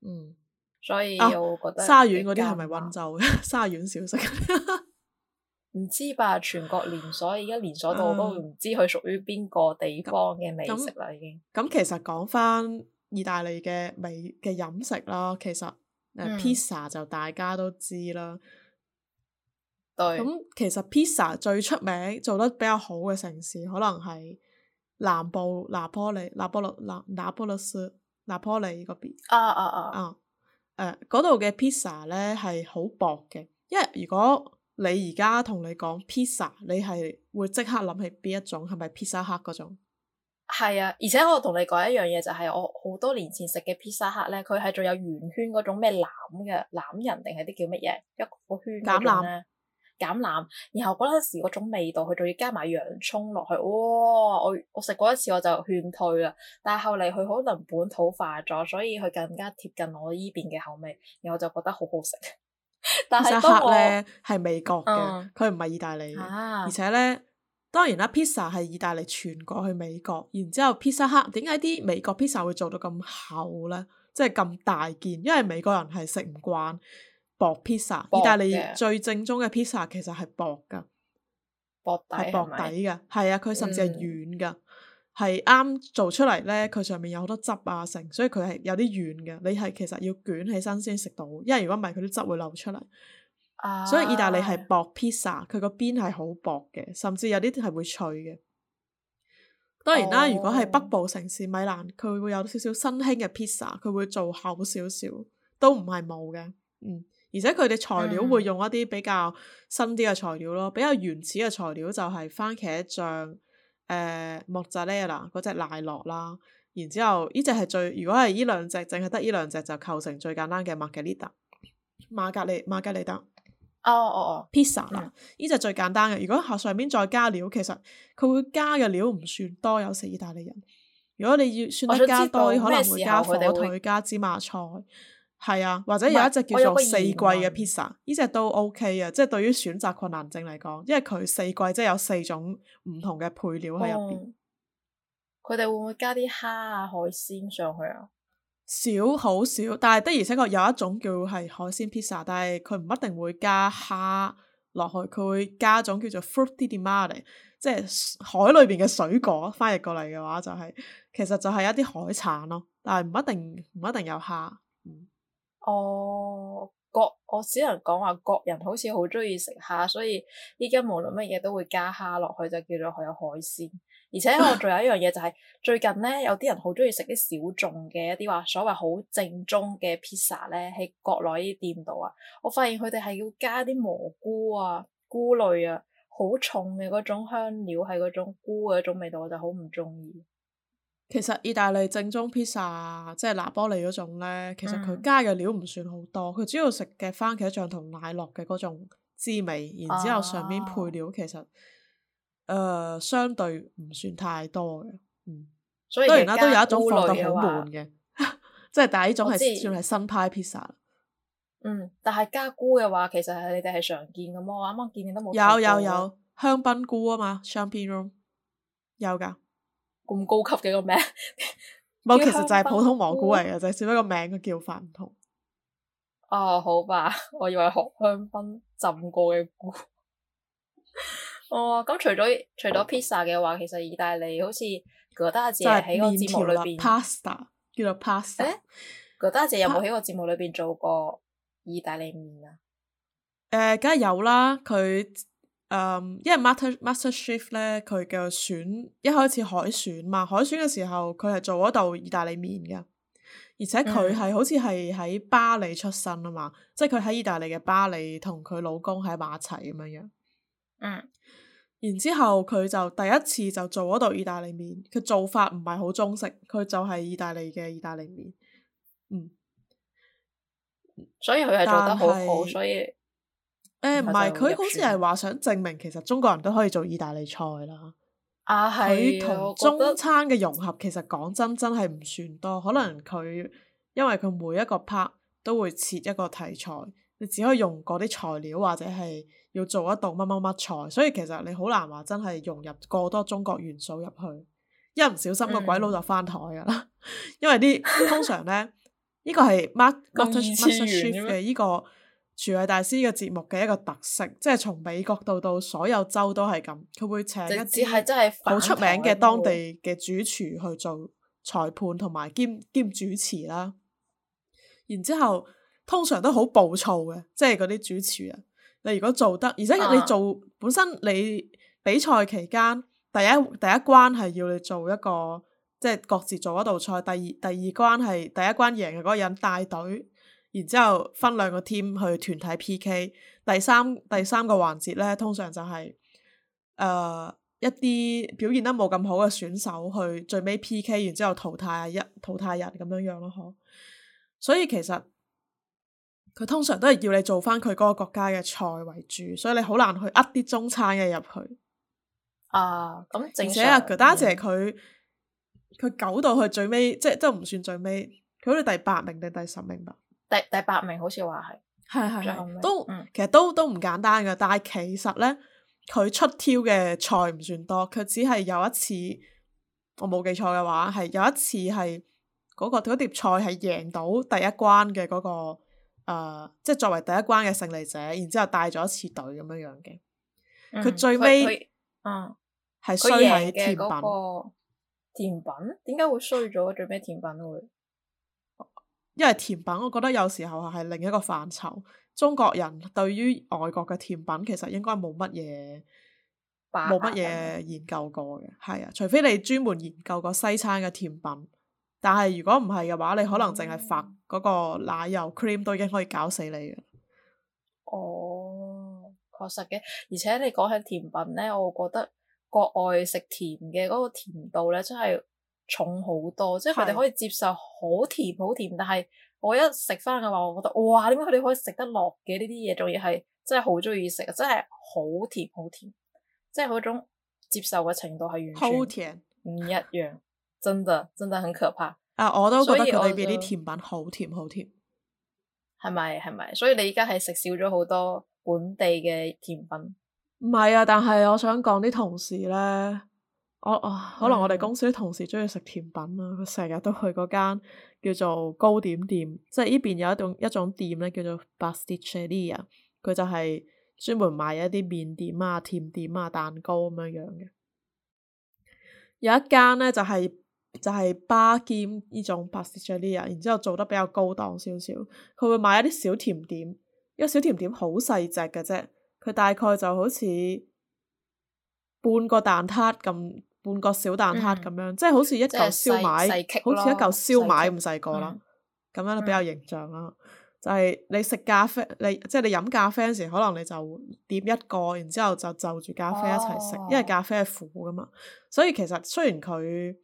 嗯所以我覺得、啊、沙縣嗰啲係咪温州嘅沙縣丸小食？ 唔知吧，全國連鎖，而家連鎖到、嗯、都唔知佢屬於邊個地方嘅美食啦。已經咁其實講翻意大利嘅美嘅飲食啦，其實誒 pizza、嗯、就大家都知啦。對，咁其實 pizza 最出名做得比較好嘅城市，可能係。南部拿坡里、拿坡里、拿利拿坡里斯、拿坡里嗰邊。啊啊啊！啊、嗯，誒嗰度嘅 pizza 咧係好薄嘅，因為如果你而家同你講 pizza，你係會即刻諗起邊一種，係咪 Pizza Hut 嗰種？係啊，啊，啊， 而且我同你講一樣嘢就係、是、我好多年前食嘅 Pizza Hut 咧，佢係仲有圓圈嗰種咩攬嘅攬人定係啲叫乜嘢一個，個圈橄欖咧？橄欖，然後嗰陣時嗰種味道，佢仲要加埋洋葱落去，哇、哦！我我食過一次我就勸退啦。但係後嚟佢可能本土化咗，所以佢更加貼近我依邊嘅口味，然後我就覺得好好食。 披薩克咧係美國嘅，佢唔係意大利嘅，啊、而且咧當然啦，披薩係意大利傳過去美國。然之後披薩黑。點解啲美國披薩會做到咁厚咧？即係咁大件，因為美國人係食唔慣。薄 pizza，的意大利最正宗嘅 pizza 其實係薄嘅，薄底係薄底嘅，係啊，佢甚至係軟嘅，係啱、嗯、做出嚟呢，佢上面有好多汁啊成，所以佢係有啲軟嘅。你係其實要捲起身先食到，因為如果唔係，佢啲汁會漏出嚟。啊、所以意大利係薄 pizza，佢個邊係好薄嘅，甚至有啲係會脆嘅。當然啦，哦、如果係北部城市米蘭，佢會有少少新興嘅 pizza，佢會做厚少少，都唔係冇嘅，嗯。而且佢哋材料會用一啲比較新啲嘅材料咯，嗯、比較原始嘅材料就係番茄醬、誒、呃、莫扎咧啦嗰隻、那個、奶酪啦，然之後呢只係最，如果係呢兩隻，淨係得呢兩隻就構成最簡單嘅馬格利達，馬格利馬格利達，哦哦哦，pizza 啦，呢隻、mm hmm. 最簡單嘅。如果下上面再加料，其實佢會加嘅料唔算多，有時意大利人，如果你要算得加多，可能會加火腿、加芝麻菜。係啊，或者有一隻叫做四季嘅 pizza，呢隻都 OK 啊。即、就、係、是、對於選擇困難症嚟講，因為佢四季即係有四種唔同嘅配料喺入邊。佢哋、哦、會唔會加啲蝦啊海鮮上去啊？少好少，但係的而且確有一種叫係海鮮 pizza，但係佢唔一定會加蝦落去，佢會加一種叫做 frutti di mare，即係海裏邊嘅水果。翻譯過嚟嘅話就係、是，其實就係一啲海產咯，但係唔一定唔一定有蝦。嗯哦，各我只能講話，國人好似好中意食蝦，所以依家無論乜嘢都會加蝦落去，就叫做佢有海鮮。而且我仲有一樣嘢就係、是、 最近咧，有啲人好中意食啲小眾嘅一啲話所謂好正宗嘅 pizza 咧，喺國內啲店度啊，我發現佢哋係要加啲蘑菇啊、菇類啊，好重嘅嗰種香料係嗰種菇嘅一種味道，我就好唔中意。其實意大利正宗 pizza，即係拿波利嗰種咧，其實佢加嘅料唔算好多，佢、嗯、主要食嘅番茄醬同奶酪嘅嗰種滋味，然之後上邊配料其實，誒、啊呃、相對唔算太多嘅，嗯。所以而家菇類嘅話即係但係呢種係算係新派 pizza。嗯，但係加菇嘅話，其實係你哋係常見嘅麼？我啱啱見見都冇。有有有香檳菇啊嘛，Champignon 有㗎。有咁高級嘅個名，冇 芬其實就係普通蘑菇嚟嘅啫，只不過個名佢叫法唔同哦，好吧，我以為荷香菌浸過嘅菇。 哦，咁除咗除咗披薩嘅話，其實意大利好似葛大姐喺個、欸、個節目裏邊 pasta 叫做 pasta。葛大姐有冇喺個節目裏邊做過意大利麵啊？誒、呃，梗係有啦，佢。誒，um, 因為 Master Master Chef 咧，佢嘅選一開始海選嘛，海選嘅時候佢係做嗰道意大利麵嘅，而且佢係、嗯、好似係喺巴黎出身啊嘛，即係佢喺意大利嘅巴黎同佢老公喺埋一齊咁樣樣。嗯。然之後佢就第一次就做嗰道意大利麵，佢做法唔係好中式，佢就係意大利嘅意大利麵。嗯。所以佢係做得好好，是所以。誒，唔係、欸，佢好似係話想證明其實中國人都可以做意大利菜啦。啊，係佢同中餐嘅融合，其實講真真係唔算多。可能佢因為佢每一個 part 都會設一個題材，你只可以用嗰啲材料或者係要做一道乜乜乜菜，所以其實你好難話真係融入過多中國元素入去。一唔小心個鬼佬就翻台㗎啦，因為啲、嗯、通常咧呢 個係 MasterChef，嘅呢個廚藝大師嘅節目嘅一個特色，即係從美國到到所有州都係咁，佢會請一隻好出名嘅當地嘅主廚去做裁判同埋兼兼主持啦。然之後通常都好暴躁嘅，即係嗰啲主持啊。你如果做得，而且你做、啊、本身你比賽期間第一第一關係要你做一個，即係各自做一道菜。第二第二關係第一關贏嘅嗰個人帶隊。然之後分兩個 team 去團體 P K，第三第三個環節咧，通常就係、是、誒、呃、一啲表現得冇咁好嘅選手去最尾 P K，然之後淘汰一淘汰人咁樣樣咯嗬。所以其實佢通常都係要你做翻佢嗰個國家嘅菜為主，所以你好難去呃啲中餐嘅入去啊。啊，咁而且啊，佢單只係佢佢九到去最尾，即係都唔算最尾，佢好似第八名定第十名吧。第第八名好似話係，係係都，嗯、其實都都唔簡單㗎。但係其實咧，佢出挑嘅菜唔算多，佢只係有一次，我冇記錯嘅話係有一次係嗰、那個碟菜係贏到第一關嘅嗰、那個，誒、呃，即係作為第一關嘅勝利者，然之後帶咗一次隊咁樣樣嘅。佢、嗯、最尾，嗯，係衰喺甜品。甜品點解會衰咗？最尾甜品會。因為甜品，我覺得有時候係另一個範疇。中國人對於外國嘅甜品，其實應該冇乜嘢，冇乜嘢研究過嘅，係啊、嗯。除非你專門研究個西餐嘅甜品，但係如果唔係嘅話，你可能淨係發嗰、嗯、個奶油 cream 都已經可以搞死你嘅。哦，確實嘅。而且你講起甜品咧，我覺得國外食甜嘅嗰、個甜度咧，真係。重好多，即係佢哋可以接受好甜好甜，但係我一食翻嘅話，我覺得哇，點解佢哋可以食得落嘅呢啲嘢？仲要係真係好中意食啊！真係好甜好甜，即係嗰種接受嘅程度係完全好甜，唔一樣，真的真的很可怕啊！我都覺得裏邊啲甜品好甜好甜，係咪係咪？所以你而家係食少咗好多本地嘅甜品，唔係啊！但係我想講啲同事咧。我、oh, oh, 可能我哋公司啲同事鍾意食甜品啊，佢成日都去嗰間叫做糕點店，即係呢邊有一種一種店咧叫做 pasticceria，h 佢就係專門賣一啲麵點啊、甜點啊、蛋糕咁樣樣嘅。有一間咧就係、是、就係、是、巴兼呢種 pasticceria，h 然之後做得比較高檔少少，佢會賣一啲小甜點，因為小甜點好細隻嘅啫，佢大概就好似半個蛋撻咁。半個小蛋撻咁樣，嗯、即係好似一嚿燒賣，好似一嚿燒賣咁細個啦，咁、嗯、樣都比較形象啦。嗯、就係你食咖啡，你即係、就是、你飲咖啡時候，可能你就點一個，然之後就就住咖啡一齊食，哦、因為咖啡係苦噶嘛。所以其實雖然佢，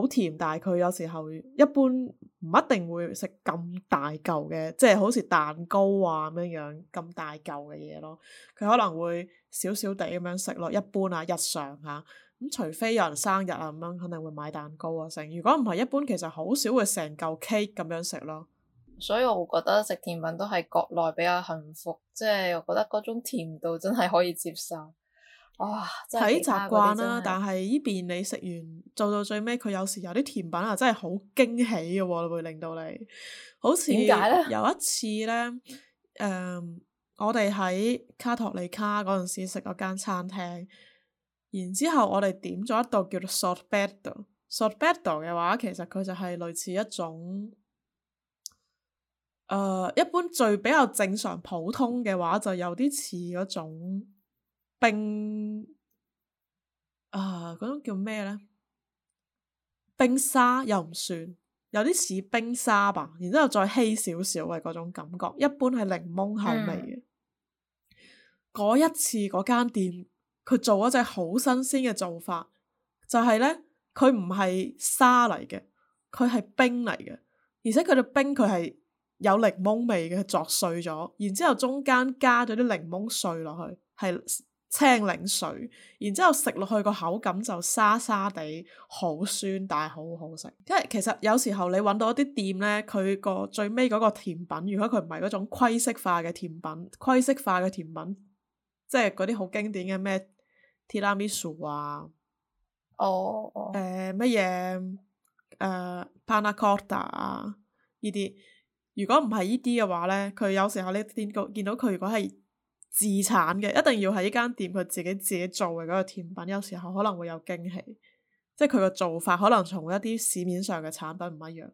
好甜，但係佢有時候一般唔一定會食咁大嚿嘅，即係好似蛋糕啊咁樣樣咁大嚿嘅嘢咯。佢可能會少少地咁樣食咯，一般啊日常嚇啊。咁除非有人生日啊咁樣，肯定會買蛋糕啊成，如果唔係一般，其實好少會成嚿 cake 咁樣食咯。所以我覺得食甜品都係國內比較幸福，即係我覺得嗰種甜度真係可以接受。哇！睇、哦、習慣啦，但係呢邊你食完做到最尾，佢有時有啲甜品啊，真係好驚喜嘅喎。哦，會令到你好似點解呢？有一次呢，呢嗯、我哋喺卡托里卡嗰陣時食嗰間餐廳，然之後我哋點咗一道叫做 shortbread shortbread 嘅話，其實佢就係類似一種、呃、一般最比較正常普通嘅話，就有啲似嗰種。冰啊，嗰種叫咩呢？冰沙又唔算，有啲似冰沙吧。然之後再稀少少嘅嗰種感覺，一般係檸檬口味嘅。嗰、嗯、一次嗰間店，佢做嗰隻好新鮮嘅做法，就係、是、呢，佢唔係沙嚟嘅，佢係冰嚟嘅，而且佢嘅冰佢係有檸檬味嘅，佢作碎咗，然之後中間加咗啲檸檬碎落去，係。青檸水，然之後食落去個口感就沙沙地好酸，但係好好食。因為其實有時候你揾到一啲店呢，佢個最尾嗰個甜品，如果佢唔係嗰種規式化嘅甜品，規式化嘅甜品，即係嗰啲好經典嘅咩 Tiramisu 啊，哦、oh, oh. 呃，誒乜嘢 Panna Cotta 啊呢啲，如果唔係呢啲嘅話呢，佢有時候咧見到見到佢如果係自產嘅，一定要喺呢間店佢自己自己做嘅嗰個甜品，有時候可能會有驚喜，即係佢個做法可能同一啲市面上嘅產品唔一樣。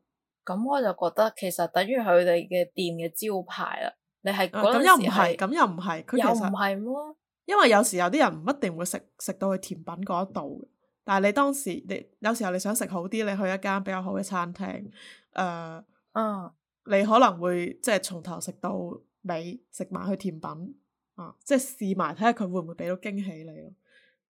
咁、嗯、我就覺得其實等於佢哋嘅店嘅招牌啦。你係嗰陣時，咁、嗯、又唔係，咁又唔係，其實又唔係麼？因為有時有啲人唔一定會食食到佢甜品嗰一道，但係你當時你有時候你想食好啲，你去一間比較好嘅餐廳，誒、呃，嗯、啊，你可能會即係從頭食到尾食埋佢甜品。啊、即係試埋睇下佢會唔會俾到驚喜你咯、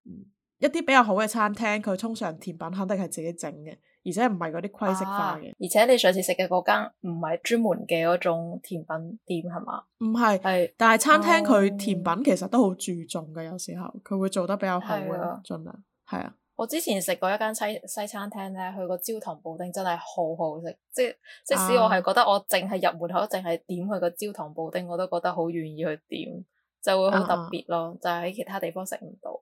嗯。一啲比較好嘅餐廳，佢通常甜品肯定係自己整嘅，而且唔係嗰啲規式化嘅、啊。而且你上次食嘅嗰間唔係專門嘅嗰種甜品店係嘛？唔係，係是。是但係餐廳佢甜品其實都好注重嘅，有時候佢會做得比較好嘅，盡量，係啊，我之前食過一間西西餐廳咧，佢個焦糖布丁真係好好食。即、啊、即使我係覺得我淨係入門口，淨係點佢個焦糖布丁，我都覺得好願意去點。就會好特別咯，uh huh. 就喺其他地方食唔到，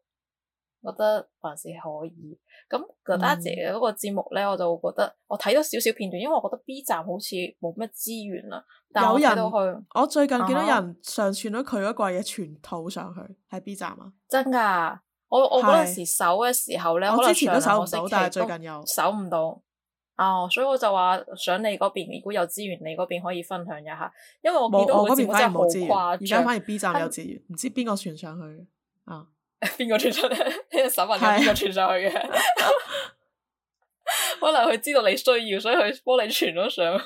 覺得還是可以。咁葛大姐嗰個節目咧，我就覺得我睇咗少少片段，因為我覺得 B 站好似冇乜資源啦。但有人，我最近見到人、uh huh. 上傳咗佢嗰個嘢全套上去喺 B 站啊！真噶，我我嗰陣時搜嘅時候咧，我之前都搜唔到，但係最近又搜唔到。哦，所以我就話想你嗰邊，如果有資源，你嗰邊可以分享一下，因為我見到嗰啲真係冇資源。而家反而 B 站有資源，唔、啊、知邊個傳、啊、傳上去。啊，邊個傳出咧？呢個審核係邊個傳上去嘅？是 可能佢知道你需要，所以佢幫你傳咗上去。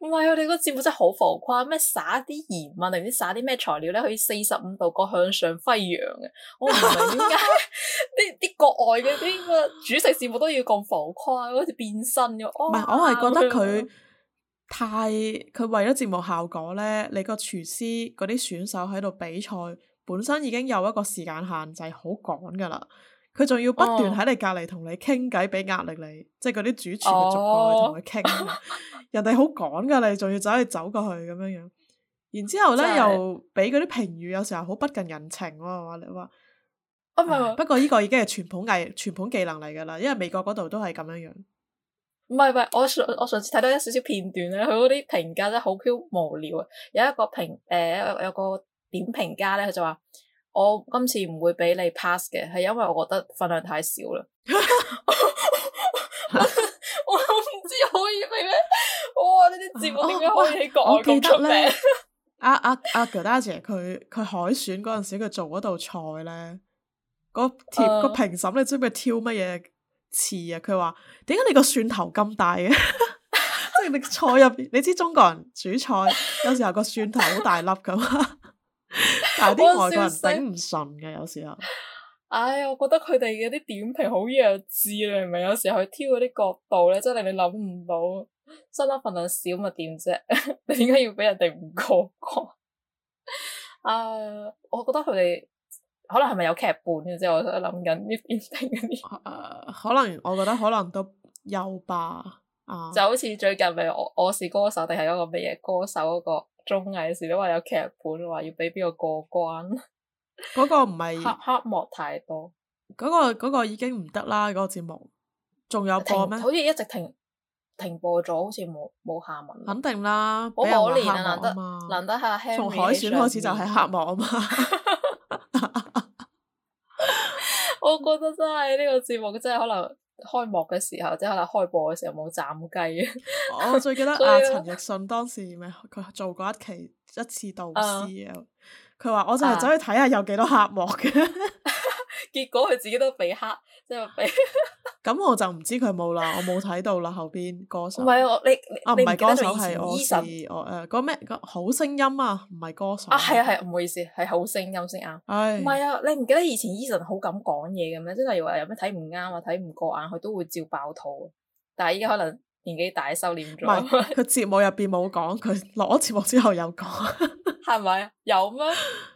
唔係啊！我哋個節目真係好浮誇，咩撒啲鹽啊，定唔知撒啲咩材料咧，可以四十五度角向上飛揚啊！我唔明點解啲啲國外嘅啲個主食節目都要咁浮誇，好似變身咁。唔、哦、係， 我係覺得佢太佢為咗節目效果咧，你個廚師嗰啲選手喺度比賽，本身已經有一個時間限制，好趕噶啦。佢仲要不斷喺你隔離同你傾偈，俾壓力你，即係嗰啲主廚嘅族過去同佢傾，oh. 人哋好趕噶，你仲要走去走過去咁樣樣。然之後咧，就是、又俾嗰啲評語，有時候好不近人情喎，話你話。啊唔係，不過依個已經係傳統藝、傳統技能嚟噶啦，因為美國嗰度都係咁樣樣。唔係唔係，我上我上次睇到一少少片段咧，佢嗰啲評價真係好 Q 無聊啊！有一個評誒、呃、有有個點評家咧，佢就話。我今次唔會俾你 pass 嘅，係因為我覺得份量太少啦。 我唔知可以俾咩？哇！呢啲節目點解可以講咁出名？阿阿阿葛大姐佢佢海選嗰陣時佢做嗰道菜咧，個貼個評審你知唔知佢挑乜嘢詞啊？佢話：點解你個蒜頭咁大嘅？即係你菜入邊，你知、啊、你中國人煮菜有時候個蒜頭好大粒㗎嘛。 有啲外國人頂唔順嘅，有時候，唉，我覺得佢哋嗰啲點評好弱智咧，係咪？有時候去挑嗰啲角度咧，真係你諗唔到，真得份量少咪點啫？你點解要俾人哋唔過關？誒、 uh,，我覺得佢哋可能係咪有劇本嘅啫？我喺度諗緊呢邊定緊啲。可能我覺得可能都有吧。啊 ，uh, 就好似最近咪我我是歌手，定係嗰個咩嘢歌手嗰、嗰個。綜藝時都話有劇本，話要俾邊個過關，嗰個唔係黑黑幕太多，嗰、 嗰個、嗰個已經唔得啦，嗰、嗰個節目，仲有播咩？好似一直停停播咗，好似冇冇下文。肯定啦，好可憐啊，難得難得下，從海選開始就係黑幕啊嘛，我覺得真係呢、呢個節目真係可能。開幕嘅時候，即係可能開播嘅時候冇斬雞啊！我最記得阿陳奕迅當時咩，佢做過一期一次導師，佢話我就係走去睇下有幾多黑幕嘅，結果佢自己都被黑，即係俾。咁我就唔知佢冇啦，我冇睇到啦後邊歌手。唔係， 啊、你、e，啊唔係歌手係 Eason 嗰咩？好聲音啊，唔係歌手。啊係啊係，唔、啊、好意思，係好聲音先啊。係。唔係、哎、啊，你唔記得以前 Eason 好敢講嘢嘅咩？真係話有咩睇唔啱啊，睇唔過眼，佢都會照爆肚。但係依家可能年紀大收斂咗。唔係佢節目入邊冇講，佢落咗節目之後有講。係 咪、啊？有咩？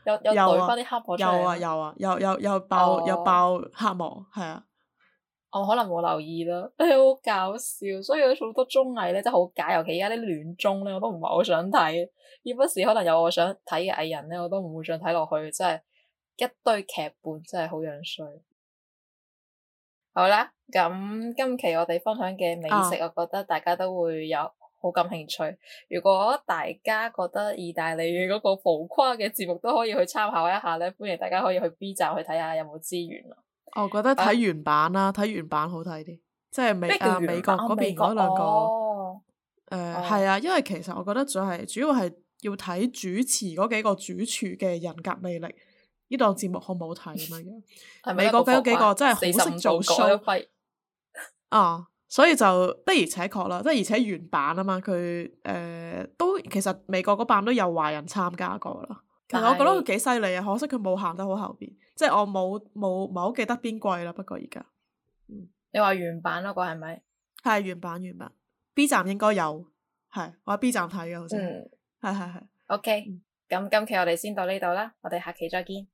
有有舉翻啲黑幕，有啊有啊，有，有，有爆有爆黑幕，係啊。 我可能冇留意啦，唉、哎，好搞笑，所以有好多綜藝咧真係好假，尤其而家啲戀綜咧，我都唔係好想睇。要不是可能有我想睇嘅藝人咧，我都唔會想睇落去，真係一堆劇本真係好樣衰。好啦，咁今期我哋分享嘅美食，我覺得大家都會有好感、oh. 興趣。如果大家覺得意大利嘅嗰個浮誇嘅節目都可以去參考一下咧，歡迎大家可以去 B 站去睇下有冇資源。我覺得睇原版啦，睇、啊、原版好睇啲，即係美啊美國嗰邊嗰兩個，誒係啊，因為其實我覺得主要係主要係要睇主持嗰幾個主廚嘅人格魅力，呢檔節目好唔好睇咁樣？ 美國嗰幾個真係好識做 show，啊，所以就的而且確啦，即係而且原版啊嘛，佢誒、呃、都其實美國嗰版都有華人參加過啦，其實我覺得佢幾犀利啊，可惜佢冇行得好後邊。即係我冇冇冇係記得邊季啦，不過而家，嗯、你話原版嗰、嗰個係咪？係原版原版，B 站應該有，係我喺 B 站睇嘅好似，係係係。OK，咁、嗯、今期我哋先到呢度啦，我哋下期再見。